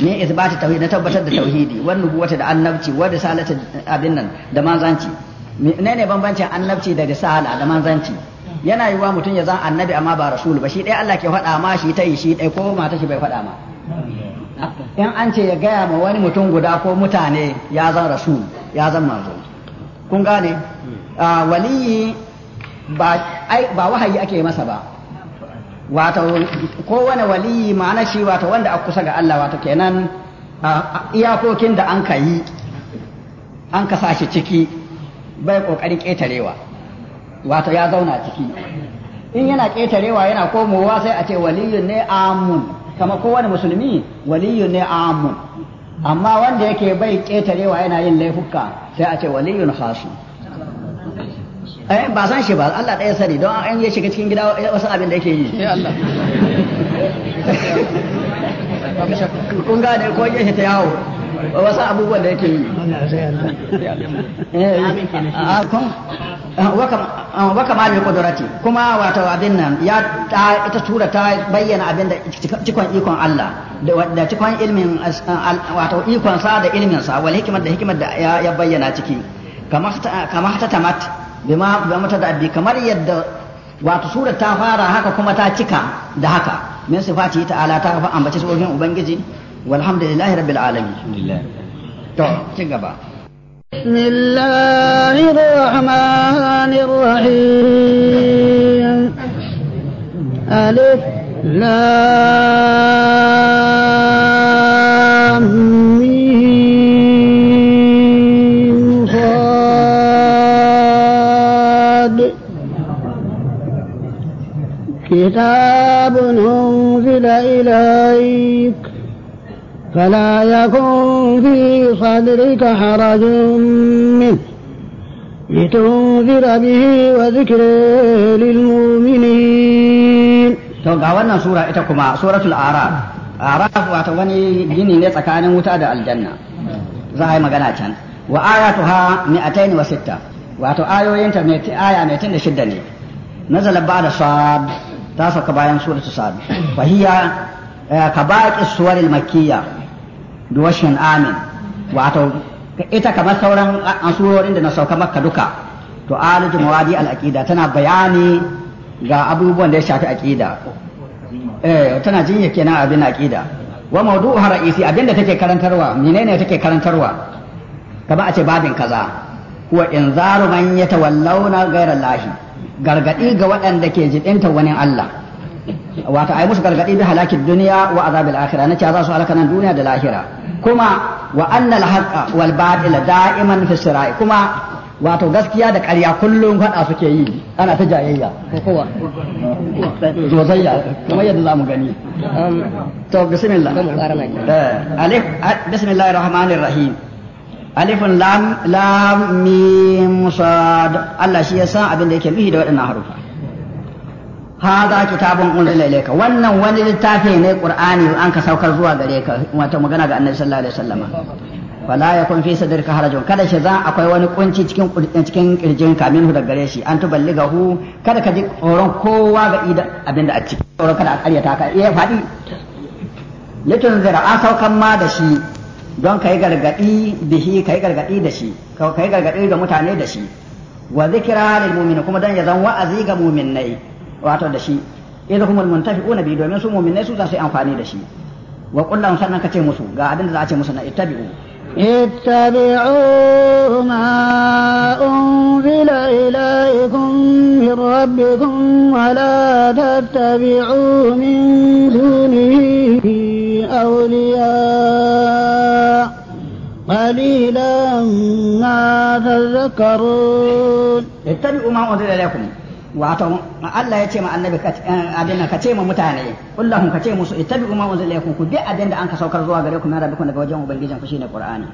ne isbati tauhidi na tabbatar da tauhidi wannan buwata da annabci wa da salata abin nan da manzanci ne ne bambancin annabci da risala da manzanci yana yiwa mutum ya zan annabi amma ba rasulu ba shi dai Allah ke faɗa ma shi ta yi shi dai ko mata shi bai faɗa ma in an ce ya gaya ma wani mutum guda ko mutane ya zan rasul ya zan manzo kun gane waliyi ba wahayi ake masa ba wato kowane waliyi ma'ana shi wato wanda a kusa ga Allah wato kenan iyakokin da an ka yi an ka sa shi ciki bai kokarin ƙetarewa wato ya zauna ciki in yana ƙetarewa yana komowa sai a ce waliyun ne amun kama kowane musulmi waliyun ne amun amma wanda yake bai ƙetarewa yana yin laifuka sai a ce waliyun hasu eh, ba san shi ba Allah ɗaya sani don an yi shiga cikin gida wasu abin da yake yi <laughs> kun gane ko yake ta yawo wasu abubuwan da yake yi waka ma bi kudurati kuma wato abin nan ya ta ita tura ta bayyana abin da cikon ikon Allah da cikon ilmin ah, wato ikon sa da ilmin sa wal hikimar da hikimar da ya bayyana ciki kamar ta tamat bima ba mata da kamar yadda wato surar ta fara haka kuma ta cika da haka min sifati ta'ala ta ambaci sojojin ubangiji والحمد لله رب العالمين لله to ci gaba بسم الله الرحمن الرحيم ألف لام ميم صاد كتاب أنزل إليك فلا يكن في صدرك حرج منه لتنذر به وذكر للمؤمنين to ga wannan sura ita kuma suratul araf araf wato wani gini ne tsakanin wuta da aljanna za a yi magana can wa ayatuha mi'atain wa sitta wato ayoyinta mai aya mai tun da shidda ne nazala ba'da sad ta saka bayan suratu sad fa hiya kabaqis suwaril makkiyah duwashin amin wato ita kamar sauran asurorin da na sauka maka duka to aliju mawadi al'aqida tana bayani ga abubuwan da ya shafi aqida eh tana jinya kenan abin aqida wa mawdu'uha ra'isi abinda take karantarwa menene take karantarwa kamar a ce babin kaza huwa inzaru man yatawallawna ghayra lahi gargadi ga waɗanda ke jidinta wani Allah wato ai musu gargadi bi halakid duniya wa azabil akhirah nace za su halaka nan duniya da lahira kuma wa annal haqqa wal batila da'iman fi sirai kuma wato gaskiya da ƙarya kullum fada suke yi ana ta jayayya kowa ya kuma yadda zamu gani to bismillah alif bismillahir rahmanir rahim alifun lam lam mim sad Allah shi yasa abin da yake bihi da waɗannan harufa hadha kitabun unzila ilayka wannan wani littafi ne qur'ani an ka saukar zuwa gare ka wato magana ga annabi sallallahu alaihi wasallam fala yakun fi sadrika harajun kada shi zan akwai wani kunci cikin cikin kirjin ka minhu daga gare shi an tuballigahu kada ka ji horon kowa ga ida abinda a ciki tsoron kada a karyata ka eh fadi litun zira a saukan ma da shi don kai gargadi bihi kai gargadi da shi kai gargadi ga mutane da shi wa zikra lil mu'min kuma dan ya zan wa'azi ga mu'minnai wato da shi idza humul muntafiquna bi domin su mu'minai su za su amfani da shi wa qul lahum sannan kace musu ga abin da za a ce musu na ittabi'u ittabi'u ma unzila ilaykum min rabbikum wa la tattabi'u min dunihi awliya قليلا ما تذكرون اتبعوا ما أنزل إليكم wato Allah ya ce ma annabi eh, abin nan ka ce ma mutane kullahum ka ce musu ittabi'u ma unzila ilaykum ku bi abin da an ka saukar zuwa gare ku na rabbikum daga wajen ubangijin ku shine qur'ani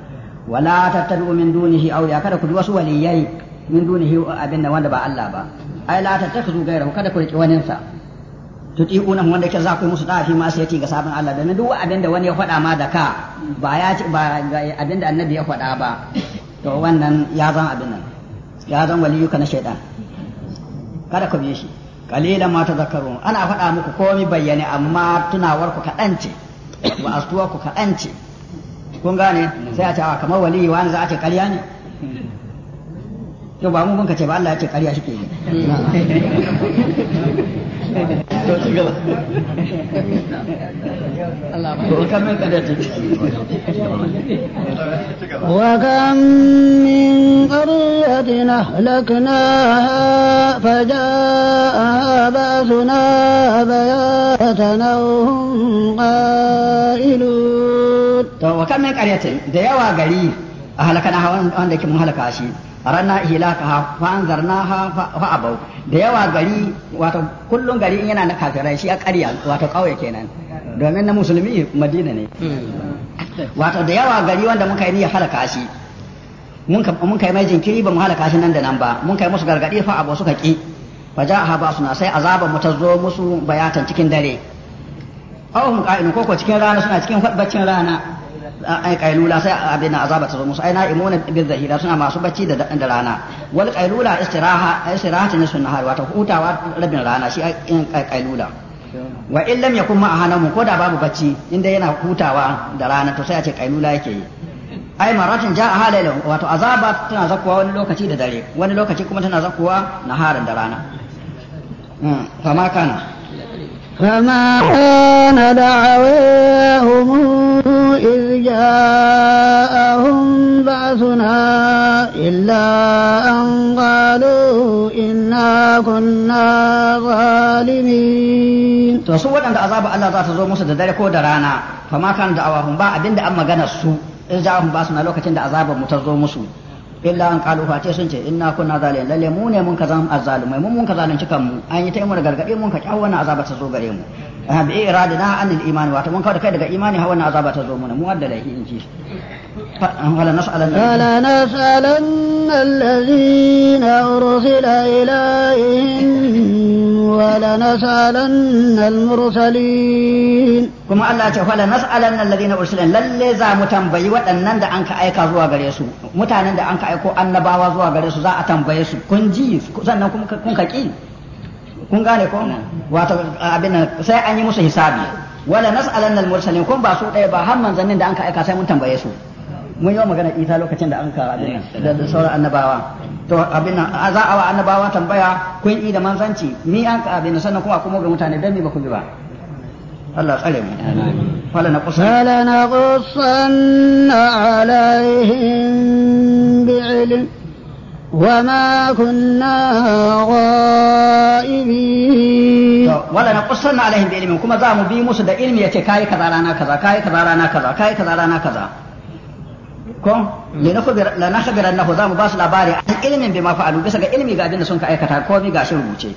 wala tattabi'u min dunihi awliya kada ku bi wasu waliyai min dunihi abin nan wanda ba Allah ba ai la tattakhuzu ghayrahu kada ku riki wani sa tuti'una wanda yake za ku musu dafi ma sai ga sabon Allah da duk abin da wani ya faɗa ma da ka ba ya ci ba abin da annabi ya faɗa ba to wannan ya zan abin nan ya zan waliyuka na shaytan kada ku bi shi qalilan ma tadhakkarun ana faɗa muku komai bayyane amma tunawar ku kaɗan ce wa astuwa ku kaɗan ce kun gane sai a ce ah, kamar waliyu wani za a ce ne to ba mu mun kace ba Allah ya ce ƙarya shi ke yi to ci gaba وكم من قرية أهلكناها فجاءها بأسنا بياتا وهم قائلون وكم من قرية قريب hawan wanda yake mun halaka shi ranna ha fa ha fa abau da yawa gari wato kullun gari in yana na kafirai shi a ƙarya wato ƙauye kenan domin na musulmi madina ne wato da yawa gari wanda muka yi niyyar halaka shi mun kai mai jinkiri ba mu halaka shi nan da nan ba mun kai musu gargaɗi fa abu suka ƙi fa ha ba suna sai azaban mu ta zo musu bayatan cikin dare awon ka'inu koko cikin rana suna cikin baccin rana ai kailula sai abin na azaba ta zo musu ai na imuna bil zahira suna masu bacci da da rana wal kailula istiraha istiraha ne sunna har wata hutawa rabin rana shi in kailula wa in lam yakun ma'a hanamu ko da babu bacci inda yana hutawa da rana to sai a ce kailula yake yi ai maratin ja'a halailan wato azaba tana zakuwa wani lokaci da dare wani lokaci kuma tana zakuwa naharin da rana hmm, fama kana فما كان دعواهم إذ جاءهم بأسنا إلا أن قالوا إنا كنا ظالمين to su waɗanda azaba Allah za ta zo musu da dare ko da rana fama kan da'awahum ba abinda an magana su in ja'ahum ba suna lokacin da azabar mu ta zo musu illa an qalu fa sun ce inna kunna zalimin lalle mu ne mun ka zan azzalumai mun mun ka cikan mu an yi ta mu da gargade mun ka kyawu wannan azaba ta zo gare mu bi eh, na an al-iman wato mun kawai kai daga imani hawa na azaba ta zo mana mu wadda laifi in ji fala nas'alan fala nas'alan alladhina ursila ilaihim wala nas'alan al-mursalin kuma Allah ce fala nas'alan alladhina ursila lalle za mu tambayi waɗannan da an ka aika zuwa gare su mutanen da an ka aiko annabawa zuwa gare su za a tambaye su kun ji sannan kun ka ki kun gane ko wato abin nan sai an yi musu hisabi wala nas'alan al-mursalin kun ba su ɗaya ba har manzannin da an ka aika sai mun tambaye su mun yi magana isa lokacin da an ka abin da sauran annabawa to abin nan za a wa annabawa tambaya kun yi da manzanci ni an ka abin sannan kuma kuma ga mutane dan ni ba ku bi ba Allah tsare mu wala na qusan wala na qusan alaihim bi'ilm وما كنا غائبين ولا نقصنا عليهم بعلم كما زعموا بي موسى ده علم يتي كاي كذا رانا كذا كاي كذا رانا كذا كاي كذا رانا كذا كون لنخبر لنخبر انه زعموا باس لاباري علم بما فعلوا بس علمي ga din sun ka aikata ko mi ga shin rubuce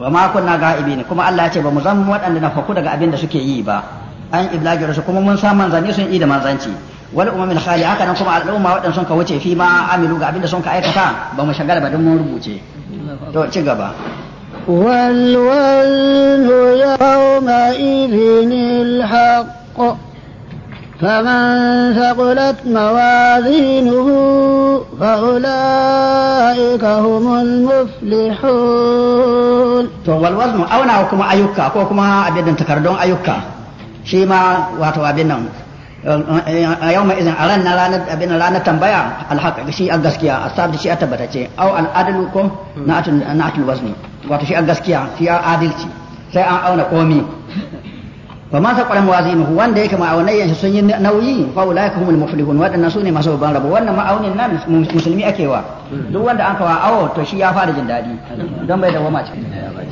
wama kunna ga'ibin kuma Allah ya ce ba mu zan waɗanda na faku daga abin da suke yi ba an iblajirsu kuma mun samu manzanni sun yi da manzanci wal umamin khali haka nan kuma al'umma waɗanda sun ka wuce fi ma amilu ga abinda sun ka aikata ba mu shagala ba don mun rubuce to ci gaba والوزن يومئذ الحق فمن ثقلت موازينه ka هم المفلحون to walwaznu auna kuma ayyuka ko kuma abin takardun ayyuka shi ma wato abin nan yawma izin a ran ranar abin ranar tambaya alhaq shi a gaskiya a asabi shi a tabbatace au al adlu na atul wasu wazni wato shi a gaskiya shi a adalci sai an auna komi ba ma sa qalam wazinuhu wanda yake ma'aunai yanzu sun yi nauyi fa ulaika humul muflihun wadannan ne masu babban rabo wannan ma'aunin nan musulmi akewa. wa duk wanda an kawa awo to shi ya fara jin daɗi don bai dawo ma cikin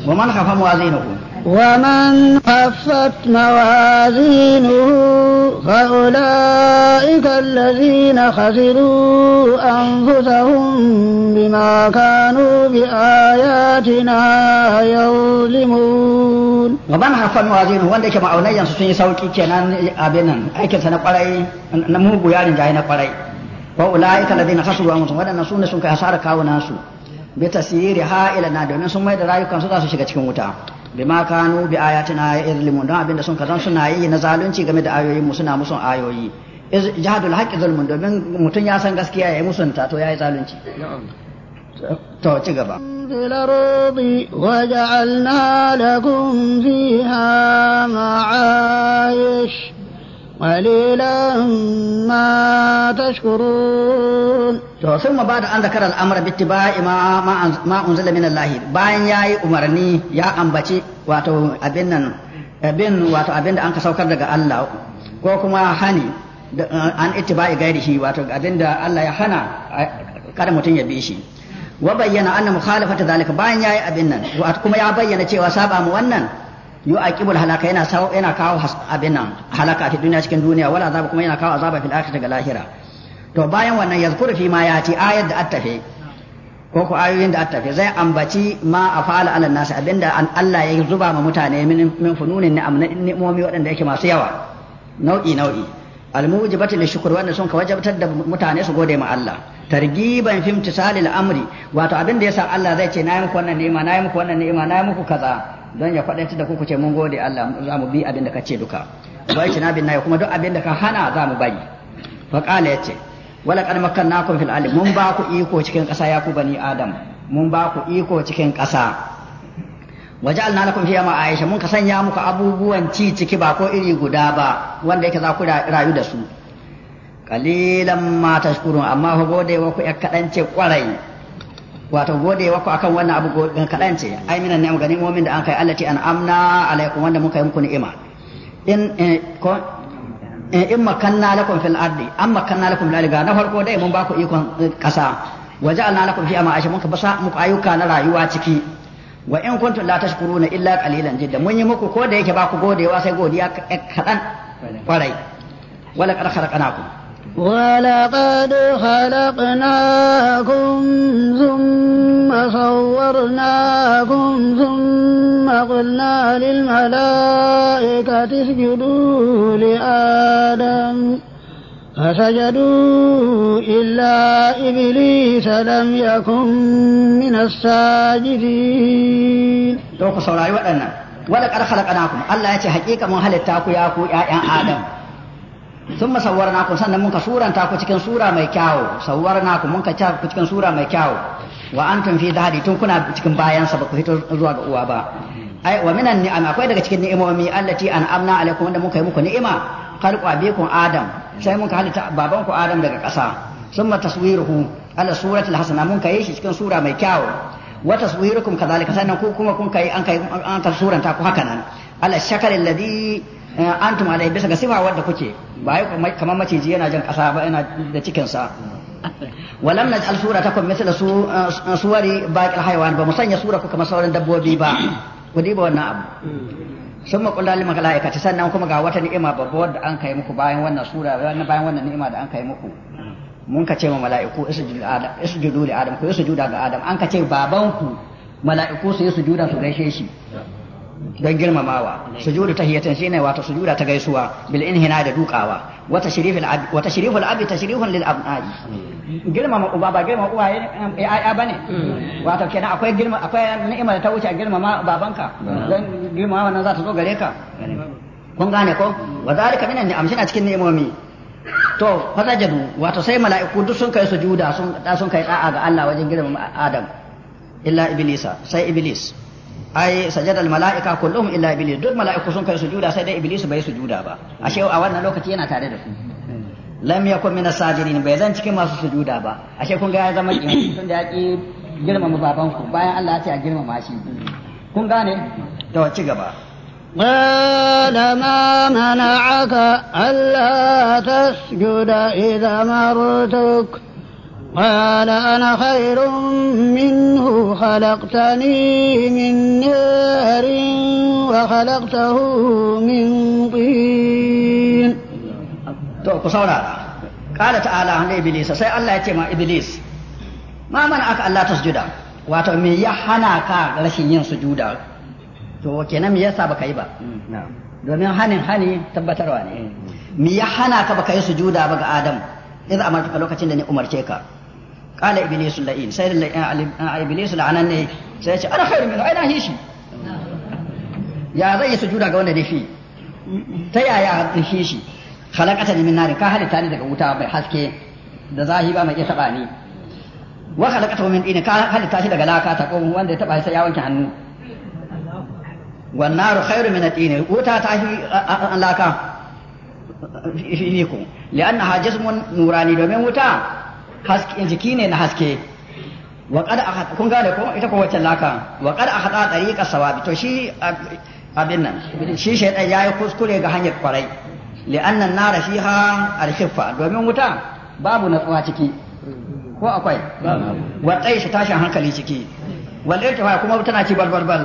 wa man khafa mawazinahu wa man khaffat mawazinuhu fa ulaika allazina khasiru anfusahum bima kanu bi ayatina yuzlimun wa man khaffat mawazinuhu wanda yake ma'aunayan su sun yi sauki kenan abin nan aikinsa na kwarai na mugu yarin jahi na kwarai wa ulaika alladhina khasiru anfusahum wadannan sune sun kai hasara kawo nasu bi tasiri ha ila na sun mai da rayukan su su shiga cikin wuta bima kanu bi ayatina yadhlimun don abinda sun kazan suna yi na zalunci game da ayoyin mu suna musun ayoyi jihadul haqqi zulmun domin mutum ya san gaskiya yayi musunta to yayi zalunci to ci gaba وجعلنا لكم فيها معاد قليلا ما تشكرون to sun ma bada an zakar al'amara bitti ba ma unzila min Allah bayan yayi umarni ya ambaci wato abin nan abin wato abin da an ka saukar daga Allah ko kuma hani an ittiba'i gairihi wato abin da Allah ya hana kada mutum ya bi shi wa bayyana anna mukhalafata zalika bayan yayi abin nan wato kuma ya bayyana cewa saba mu wannan aqibul halaka yana sawo yana kawo abin nan halaka fi duniya cikin duniya wala azaba kuma yana kawo azaba fil akhirati ga lahira to bayan wannan yazkuru fi ma yati ayat da attafe ko ko ayoyin da attafe zai ambaci ma afala ala nasi abinda an Allah ya zuba ma mutane min min fununin ni'am ni'imomi waɗanda yake masu yawa nau'i nau'i almujibati li shukr wanda sun ka wajabtar da mutane su gode ma Allah targiban fi imtisalil amri wato abinda yasa Allah zai ce na yi muku wannan ni'ima na yi muku wannan ni'ima na yi muku kaza don ya faɗa da ku ku ce mun gode Allah za mu bi abin da ka ce duka wa na bin kuma duk abin da ka hana za mu bari fa ya yace wala qad makkannakum fil ardi mun ba ku iko cikin ƙasa ya ku bani adam mun ba ku iko cikin ƙasa Waje waja'alna lakum fiha Aisha mun ka sanya muku abubuwan ci ciki ba ko iri guda ba wanda yake za ku rayu da su qalilan ma tashkurun amma ku gode wa ku ya kaɗance kwarai wato gode wa ku akan wannan abu kaɗan ce ai minan ni'am ganin mumin da an kai allati an amna alaikum wanda muka yi muku ni'ima in eh, ko eh, in makanna lakum fil ardi am makanna lakum ga na farko dai mun ba ku ikon kasa eh, waja'alna lakum fi ashi muka basa muku ayyuka na rayuwa ciki wa in kuntum la tashkuruna illa qalilan jidda mun yi muku ko da yake ba ku godewa sai godiya kaɗan kwarai wala qad khalaqnakum ولقد خلقناكم ثم صورناكم ثم قلنا للملائكة اسجدوا لآدم فسجدوا إلا إبليس لم يكن من الساجدين توقف سورة وأنا ولقد خلقناكم الله يتحقيق من هل التاكو ياكو يا آدم sun masawar ku sannan mun ka suranta ku cikin sura mai kyawu sawar ku mun ka ku cikin sura mai kyawu wa antum fi dhahri tun kuna cikin bayansa ba ku fito zuwa ga uwa ba ai wa minan ni'am akwai daga cikin ni'imomi allati amna alaikum wanda muka yi muku ni'ima khalqu abikum adam sai mun ka halitta baban ku adam daga ƙasa summa taswiruhu ala suratil hasana mun ka yi shi cikin sura mai kyawu wa taswirukum kadhalika sannan ku kuma kun kai an kai an ka suranta ku haka nan ala shakalil ladhi Eh, antum alai bisa ga sifa wadda kuke ba kamar maciji yana jan kasa ba yana da cikin sa walam naj'al suratakum mithla su eh, suwari baqil hayawan ba musanya sura ku kamar sauran dabbobi ba wadi ba wannan abu sun maƙulla lil malaikati sannan kuma ga wata ni'ima babba wadda an kai muku bayan wannan sura bayan wannan ni'ima da an kai muku mun ka ce ma mala'iku isjudu adam isjudu li adam ku isjuda ga adam an ka ce babanku mala'iku su yi sujuda su gaishe shi don girmamawa sujudu tahiyatan shine wato sujuda ta gaisuwa bil inhina da dukawa wata tashrifil abi wa tashriful abi tashrihun lil abnai girmama uba ba girmama uwa eh, ya bane wato kenan akwai girma akwai ni'ima da ta wuce girmama babanka don girmama wannan za ta zo gare ka kun gane ko wa zalika minan ni'am shi cikin ni'imomi to fasajadu wato sai mala'iku duk sun kai sujuda sun sun kai da'a ga Allah wajen girmama Adam illa iblisa sai iblis ai sajada mala'ika kullum illa iblis duk mala'iku sun kai sujuda sai dai iblis bai sujuda ba ashe a wannan lokaci yana tare da su lam yakun min as-sajidin bai zan cikin masu sujuda ba ashe kun ga ya zama kin tun da ya ki girmama baban ku bayan Allah ya ce a girmama shi kun gane to ci gaba قال ما منعك ألا تسجد إذا مرتك قال أنا خير منه خلقتني من نار وخلقته من طين to ku saurara qala ta'ala an iblis sai Allah ya ce ma ma mana aka Allah tasjuda wato me ya hana ka rashin yin sujuda to kenan me baka yi ba domin hanin hani tabbatarwa ne me ya hana ka baka yi sujuda ba ga Adam idan amartuka lokacin da ni umarce ka qala iblisu la'in sai iblisu la'anan ne sai ya ce ana khairu minhu aina hishi ya zai yi sujuda ga wanda ne shi ta yaya hishi shi khalaqata min nar ka halitta ni daga wuta mai haske da ba mai iya taba ni wa khalaqata min din ka halitta shi daga laka ta ko wanda ya taba sai ya wanke hannu wan naru khairu min tin wuta ta shi laka fiku li'annaha jismun nurani domin wuta haske jiki ne na haske wa qad ahad kun gane ko ita ko wacce laka wa qad ahada tariqa sawabi to shi abin nan shi ya yayi kuskure ga hanyar kwarai li'an an-nara fiha al-khiffa domin wuta babu natsuwa ciki ko akwai wa tsayi tashin hankali ciki wal irtifa kuma tana ci balbalbal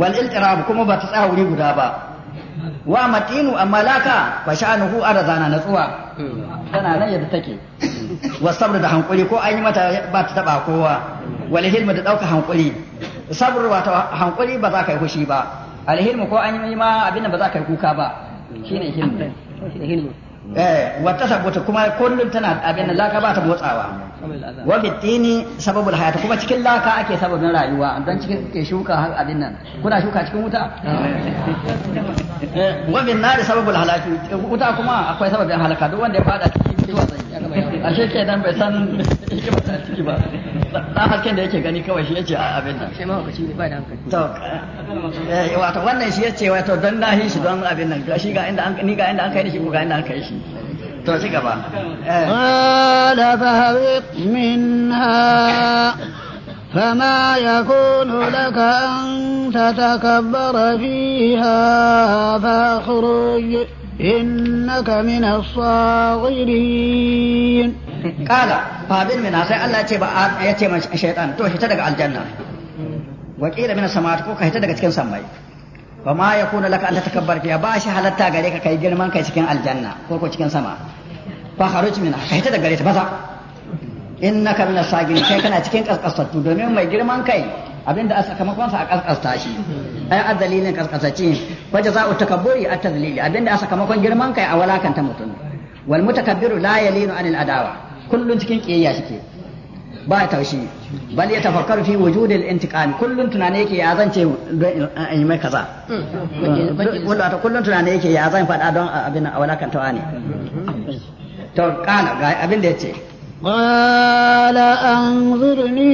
wal iltirab kuma ba ta tsaya wuri guda ba wa matinu amma laka fa sha'anuhu na tsuwa tana nan yadda take wa sabr da hankuri ko an yi mata ba ta taba kowa Wa hilmu da dauka hankuri sabr ta hankuri ba za ka yi fushi ba alhilmu ko an yi ma abin ba za ka yi kuka ba shine hilmu eh wata sabuta kuma kullun tana abin da laka ba ta motsawa wa bitini sababul hayata kuma cikin laka ake sababin rayuwa don cikin ke shuka har abin nan kuna shuka cikin wuta <laughs> wa na nari sababul halaki wuta kuma akwai sababin halaka duk wanda ya fada cikin mutuwa zai ashe ke dan bai san hikima ta ciki ba na hakken da yake gani kawai shi yace abin nan shi ma hukaci ne ba da hankali to eh, wato wannan shi yace wato dan nahi shi don abin nan shi ga inda an ni ga inda an kai shi ko ga inda an kai shi طيب. آه. قال فهبط منها فما يكون لك أن تتكبر فيها فاخرج إنك من الصاغرين قال فهبط منها هذا الله يتبع يتبع الشيطان تو هتدق الجنة وكيل من السماوات كوكا هتدق تكن سمي وما يكون لك أن تتكبر فيها باشا هل غريكا كي جرمان كي تكن الجنة كوكو تكن سماوات fa kharuj minha ka hita daga gare ta baza innaka min asagin kai kana cikin kaskasattu domin mai girman kai abinda a sakamakon sa a kaskasta shi ai adalilin kaskasaci fa jaza'u takabburi at-tadlili abinda a sakamakon girman kai a walakanta mutum wal mutakabbiru la yalinu anil adawa kullun cikin kiyayya shike ba taushi bal ya tafakkaru fi wujudil intiqam kullun tunane yake ya zance don yi mai kaza wanda ta kullun tunane yake ya zan mm. fada don abin a walakanta ne to kana ga abin da yace قال anzurni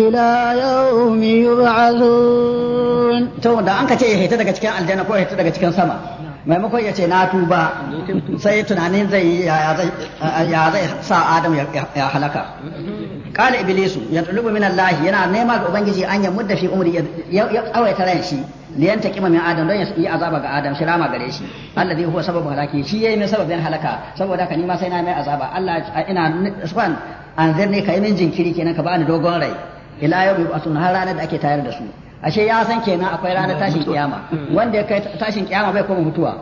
ila yawmi yub'athun to da an ka ce ya hita daga cikin aljanna ko ya hita daga cikin sama maimakon ya ce na tuba sai tunanin zai ya zai sa adam ya halaka kala iblisu ya tulubu min yana nema ga ubangiji an ya mudda fi umri ya tsawaita ran shi liyan ta kima min adam don ya yi azaba ga adam shi gare shi allazi huwa sababu halaki shi yayi min sababin halaka saboda haka ni ma sai na mai azaba Allah ina subhan anzirni ka yi min jinkiri kenan ka bani dogon rai ila yau bi asun har ranar da ake tayar da su ashe ya san kenan akwai ranar tashin kiyama wanda ya kai tashin kiyama bai koma mutuwa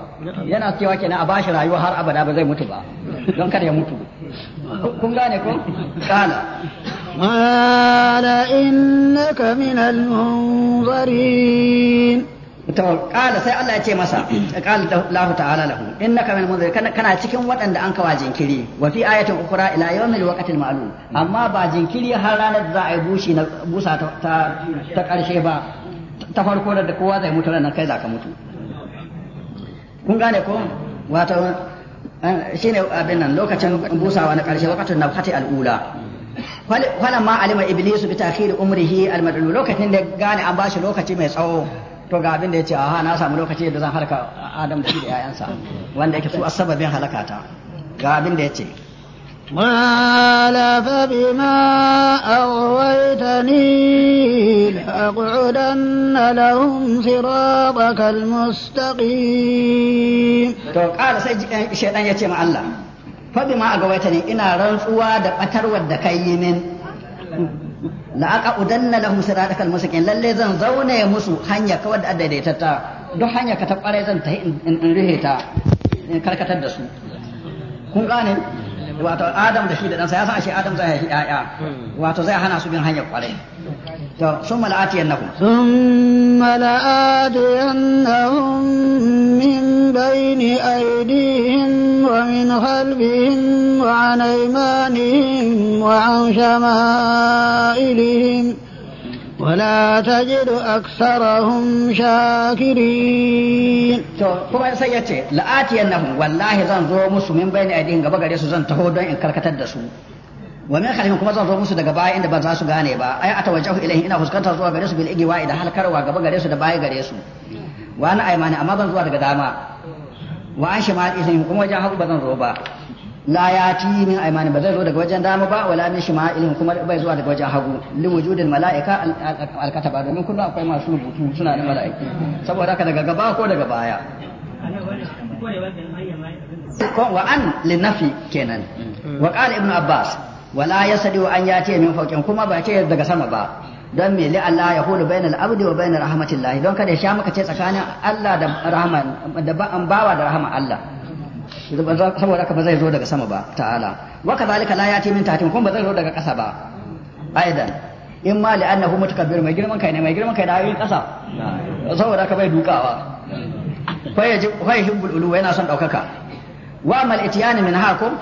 yana cewa kenan a bashi rayuwa har abada ba zai mutu ba don kada ya mutu kun gane ko kana قال إنك من المنظرين to kala sai Allah ya ce masa kala Allah ta'ala lahu innaka min munzir kana cikin waɗanda an kawa jinkiri wa fi ayatin ukhra ila yawmil waqtil ma'lum amma ba jinkiri har ranar da za a yi bushi na busa ta ta karshe ba ta farko da kowa zai mutu ranar kai za ka mutu kun gane ko wato shine abin nan lokacin busawa na karshe waqtul nafhati al'ula falamma alima iblisu bi ta'khir umrihi almad'u lokacin da gane an bashi lokaci mai tsawo to ga abin da yace aha na samu lokaci da zan harka adam da yayansa wanda yake su asbabin halakata ga abin da yace قال فبما أغويتني لأقعدن لهم صراطك المستقيم. قال سيدي الشيطان يتيم الله fabi ma a wata ne ina rantsuwa da batarwar da kai yi min la aka udanna lahum siratakal mustaqim lalle zan zaune musu hanya kawai da daidaitata duk hanya ka ta kware zan ta in rihe ta karkatar da su kun gane wato adam da shi da ɗansa ya san ashe adam zai haifi ƴaƴa wato zai hana su bin hanyar kwarai to sun mala'ati yannahum sun mala'ati yannahum min bayni aydihim wa min khalbihim wa an aymanihim wa an shama'ilihim ولا تجد أكثرهم شاكرين to kuma sai ya ce la'atiyannahum wallahi zan zo musu min bayni aidihim gaba gare su zan taho don in karkatar da su wa min khalfihim kuma zan zo musu daga baya inda ba za su gane ba ai atawajjahu ilaihim ina fuskantar zuwa gare su bil igwa da halkarwa gaba gare da baya wa na aimani amma zan zuwa daga dama wa an shimal kuma wajen hagu ba zan zo ba la yati min aymani ba zai zo daga wajen dama ba wala min shima'ilin kuma bai zuwa daga wajen hagu li wujudil mala'ika alkataba domin rubutu suna da mala'iki saboda haka daga gaba ko daga baya wa linafi kenan wa Ibn abbas wala yasdi an yati min fawqin kuma ba ce daga sama ba don me li Allah ya hulu bayan al'abdi wa bayan rahmatillahi don kada ya sha maka ce tsakanin Allah da rahman da bawa da Allah saboda ka ba zai zo daga sama ba ta'ala wa ka zalika la yati min tahtin kuma ba zai zo daga ƙasa ba aidan in ma li annahu mutakabbir mai girman kai ne mai girman kai da ayoyin ƙasa saboda ka bai dukawa fa yaji fa ulu yana son daukaka wa mal itiyani min hakum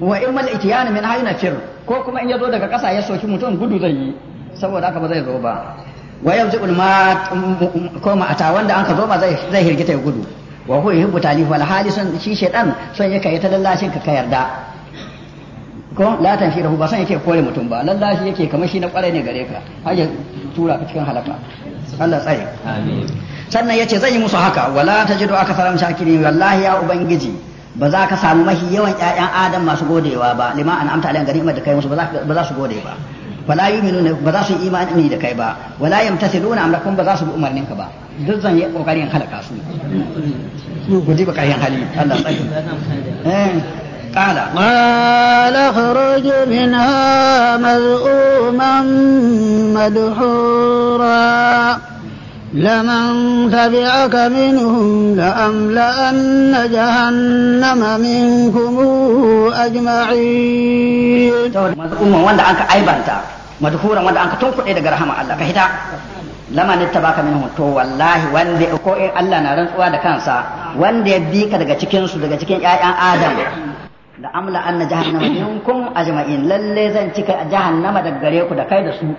wa in mal itiyani min hayna fir ko kuma in ya zo daga ƙasa ya soki mutum gudu zai yi saboda ka ba zai zo ba wa yanzu ulma ko ata wanda an ka zo ba zai hirgita ya gudu wa huwa yuhibbu talif wal hali son shi shaytan son yake yi ta lallashin ka ka yarda ko la tanfi rahu ba son yake kore mutum ba lallashi yake kamar shi na kwarai ne gare ka har ya tura ka cikin halaka Allah tsaye amin sannan yace zan yi musu haka wala tajidu akasaram shakirin wallahi ya ubangiji ba za ka samu mahi yawan ƴaƴan adam masu godewa ba lima an amta alayhi ganimar da kai musu ba za su gode ba wala yuminu ba za su yi imani da kai ba wala yamtasiluna amrakum ba za su bi umarninka ba duk zan yi kokarin halaka su su guji ba kayan hali Allah tsaki قال اخرج منها مذءوما مدحورا لمن تبعك منهم لأملأن جهنم منكم أجمعين مذءوما وانت عنك عيبا مدحورا وانت عنك تنقل إلى رحمة الله كهتا lama ne ta baka minhu to wallahi wanda ko in Allah na rantsuwa da kansa wanda ya bi ka daga cikin su daga cikin ƴaƴan Adam da amla anna jahannama minkum ajma'in lalle zan cika jahannama da gare ku da kai da su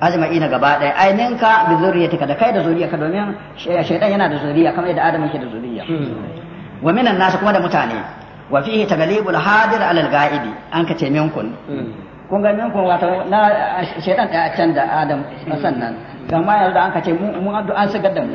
ajma'ina gaba ɗaya ainin ka bi zuriyatika da kai da ka domin shaytan yana da zuriya kamar yadda Adam yake da zuriya wa minan nasu kuma da mutane wa fihi taglibul hadir alal ga'ibi an kace minkun hmm. kun ga minkun wato na shaytan da can da Adam sannan amma yanzu an kace addu an shigar da mu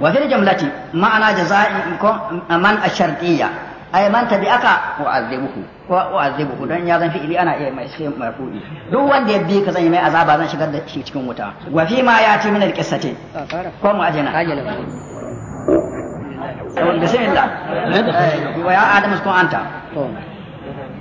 wa fil jamlati ma'ana jaza'i ko man ashartiyya ay man tabi'aka u'azibuhu wa azibuhu dan ya zan fi'ili ana iya mai shi marfu'i duk wanda ya bi ka zan yi mai azaba zan shigar da shi cikin wuta wa fi ma ya ci min alqissati ko mu ajina bismillah wa ya adamu kun anta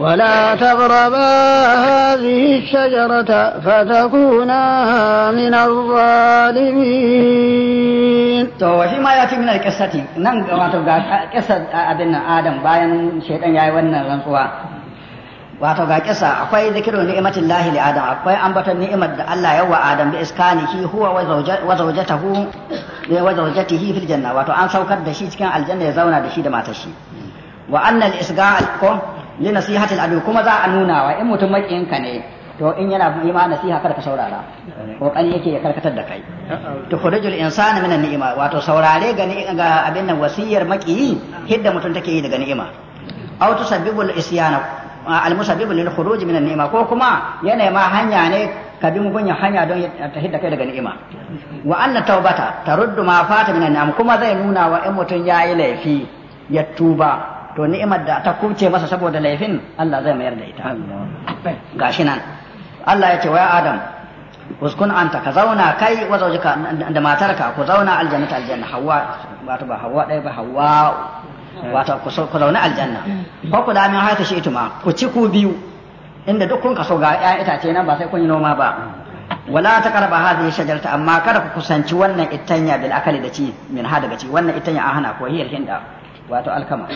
ولا تقربا هذه الشجرة فتكونا من الظالمين to shi ma ya ce min alƙisati nan wato ga ƙisar abin nan adam bayan shaidan ya yi wannan rantsuwa wato ga ƙisa akwai zikirun ni'imatin lahi li adam akwai ambaton ni'imar da Allah ya wa adam bi iskanihi huwa wa zawjatahu wa zawjatihi fil janna wato an saukar da shi cikin aljanna ya zauna da shi da matar shi wa anna al-isga' li nasihatil adu kuma za a nuna wa in mutum makiyinka ne to in yana yi ma nasiha kada ka saurara kokari yake ya karkatar da kai to khurujul insani minan ni'ima wato saurare ga ga abin nan wasiyar makiyi hidda mutum take yi daga ni'ima aw tusabbibul isyana al musabbibul lil khuruj minan ni'ima ko kuma yana ma hanya ne ka bi mugunya hanya don ta hidda kai daga ni'ima wa anna taubata taruddu ma fata minan ni'am kuma zai nuna wa in mutum yayi laifi ya tuba to ni'imar da ta kuce masa saboda laifin Allah zai mayar da ita gashi nan Allah ya ce wa Adam uskun anta ka zauna kai wa zaujika da matarka ku zauna aljannata aljanna hawa wato ba hawa ɗaya ba hawa wato ku zauna aljanna ko ku da min haita shi ituma ku ci ku biyu inda duk kun kaso ga ƴaƴan itace nan ba sai kun yi noma ba wala ta karba hadhihi shajarta amma kada ku kusanci wannan ittanya bil akali da ci min ha daga ci wannan ittanya an hana ko hiyar hinda wato alkama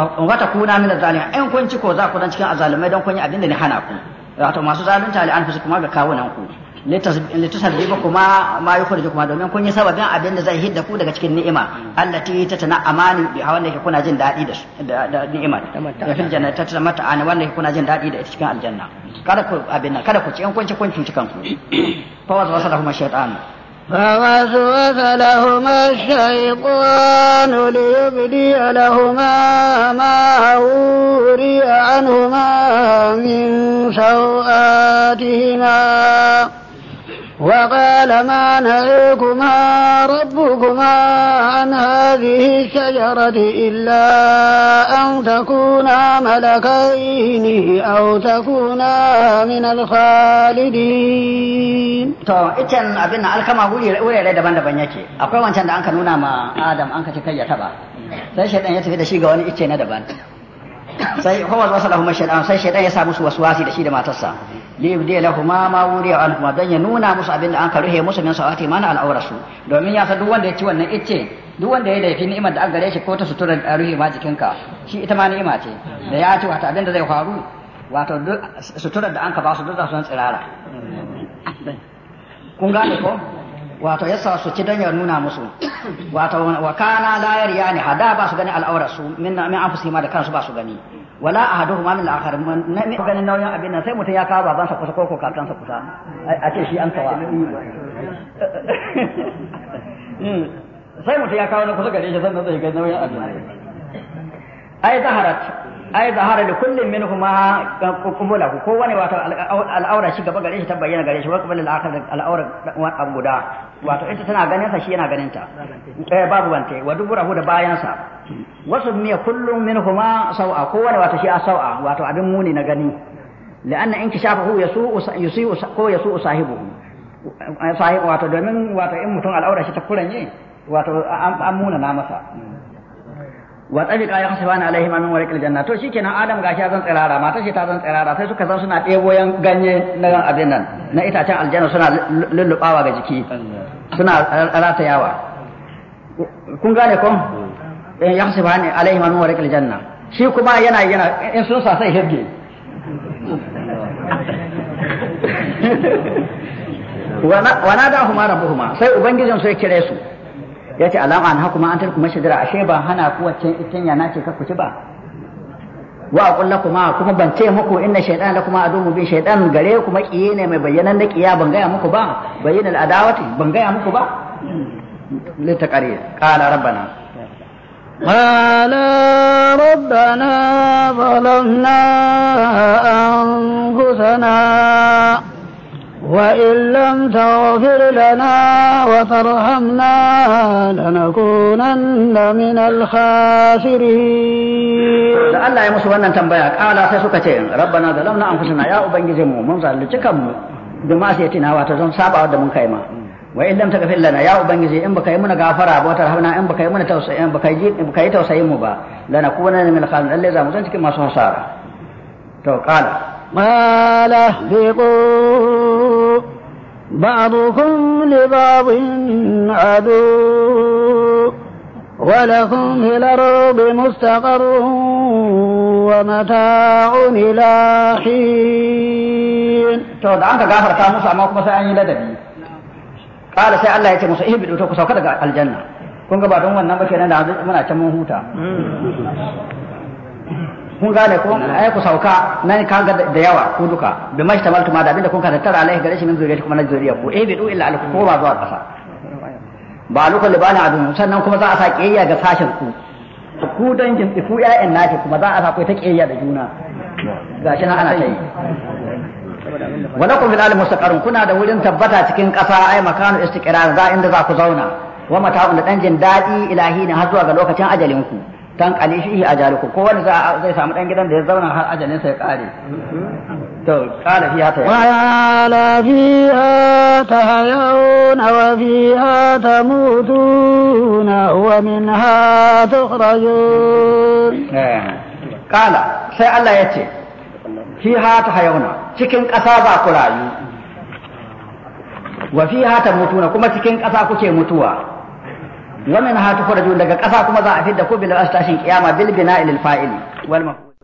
wata kuna min zalimin in kun ci ko za ku dan cikin azalumai don kun yi abin da ni hana ku wato masu zalunta ali anfusu kuma ga kawunan ku ba kuma ma kurje kuma domin kun yi sababin abin da zai hidda ku daga cikin ni'ima allati tana amani bi da ke kuna jin daɗi da ni'ima da fil jannati ta mata an wanda ke kuna jin daɗi da cikin aljanna kada ku abin nan kada ku ci in kun ci kun cuci kanku fa wasa da kuma shaytan فوسوس لهما الشيطان ليبدي لهما ما أوري عنهما من سوآتهما وقال ما نهيكما ربكما عن هذه الشجرة إلا أن تكونا ملكين أو تكونا من الخالدين to itan abin alkama wurare daban-daban yake akwai wancan da anka nuna ma Adam kai ya taba sai shaidan ya tafi da shi ga wani ice na daban sai kuma wasu shaidan sai shaidan ya sa musu da shi da matarsa liyubdi lahuma ma wuri wuriya kuma dan ya nuna musu abin da an karuhe musu min sawati mana al'aurasu domin ya san duk wanda ya ci wannan icce duk wanda ya laifi ni'imar da an gare shi ko ta sutura da ruhi ma jikinka shi ita ma ni'ima ce da ya ci wato abin da zai faru wato duk suturar da an ka ba su duk za su san tsirara kun gane ko wato yasa su ci dan ya nuna musu wato wa kana la yariyani hada ba su gani al'aurasu min min ma da kansu ba su gani wala ahaduhuma min al-akhar na ne ganin nauyin abin nan sai mutum ya kawo sa kusa ko sa kusa a ce shi an kawa <laughs> hmm. sai mutum ya kawo na kusa gare shi sannan zai ga nauyin abin ai zaharat ai zahara da kullum min kuma kubula ku ko wani wato al'aura shi gaba gare shi ta bayyana gare shi wa kubula al'akhar al'aura dan guda wato ita tana ganin sa shi yana ganin ta eh babu wante wa duburahu da bayan sa wasu miya kullum min kuma sau'a ko wani wato shi a sau'a wato abin muni na gani la'anna in kishafahu yasu yusiu ko yasu sahibu sahibu wato domin wato in mutum al'aura shi ta kuranye wato an muna na masa wa tsabiqa ya hasabana alaihi ma min warqil janna to shikenan adam gashi ya zan tsirara mata shi ta zan tsirara sai suka zan suna ɗebo yan ganye na abin nan na itacen aljanna suna lullubawa ga jiki suna yawa kun gane ko eh, ya hasabani alaihi wa min rikil janna shi kuma yana yana in sun sa sai hirge <laughs> wa da huma rabbuhuma sai ubangijin sai kire su ya ce alama an haku ma an tarku mashajara ashe ba hana ku waccan itanya na ce ka ku ci ba wa aqul lakuma kuma ban ce muku inna kuma lakuma adumu bi shaytan gare kuma kiye ne mai bayyanan da kiya ban gaya muku ba bayyinal adawati ban gaya muku ba ta kare qala rabbana قال ربنا ظلمنا أنفسنا وإن لم تغفر لنا وترحمنا لنكونن من الخاسرين da Allah ya wannan tambaya kala sai suka ce rabbana zalamna anfusana ya ubangije mu mun zalunci kanmu da ma sai tina wato zan saba da mun kai ma wa in lam taghfir lana ya ubangije in baka yi muna gafara ba tarhamna in baka yi muna tausayi in baka yi baka yi tausayin mu ba lanakunanna min al-khasirin lalle za mu zan cikin masu hasara to kala قال اهبطوا بعضكم لبعض عدو ولكم في الأرض مستقر ومتاع إلى حين to da an ka gafarta musu amma kuma sai an yi ladabi kala sai Allah ya ce musa, ihbidu to ku sauka daga aljanna kun ga ba don wannan ba kenan da muna can mun huta hmm. kun gane ko ai ku sauka nan kan ga da yawa ku duka bi mashi tamaltu ma da abinda kun ka tattara alaihi gare shi min zuriyati kuma na zuriya ku eh bi du illa alku ko ba zuwa kasa ba luka libana adun sannan kuma za a sa kiyayya ga sashen ku ku dangin ku ƴaƴan nashi kuma za a sa ku ta kiyayya da juna gashi nan ana ta yi walakum fil alim mustaqarrun kuna da wurin tabbata cikin ƙasa ai makanu istiqrar za inda za ku zauna wa mata'un da dan jin dadi ilahi ne har zuwa ga lokacin ajalin ku tan kali shi ajalukum ko wanda zai samu dan gidan da ya zauna har ajalin sa ya kare to qala fiha ta wa la fiha na wa fiha tamutuna wa minha tukhrajun kala eh. sai Allah ya ce fiha tahayuna cikin ƙasa ba ku rayu wa fiha na kuma cikin ƙasa kuke mutuwa wa min ha tukhrajun daga ƙasa kuma za a da ku bil astashin qiyama bil bina'il fa'ili wal maf'ul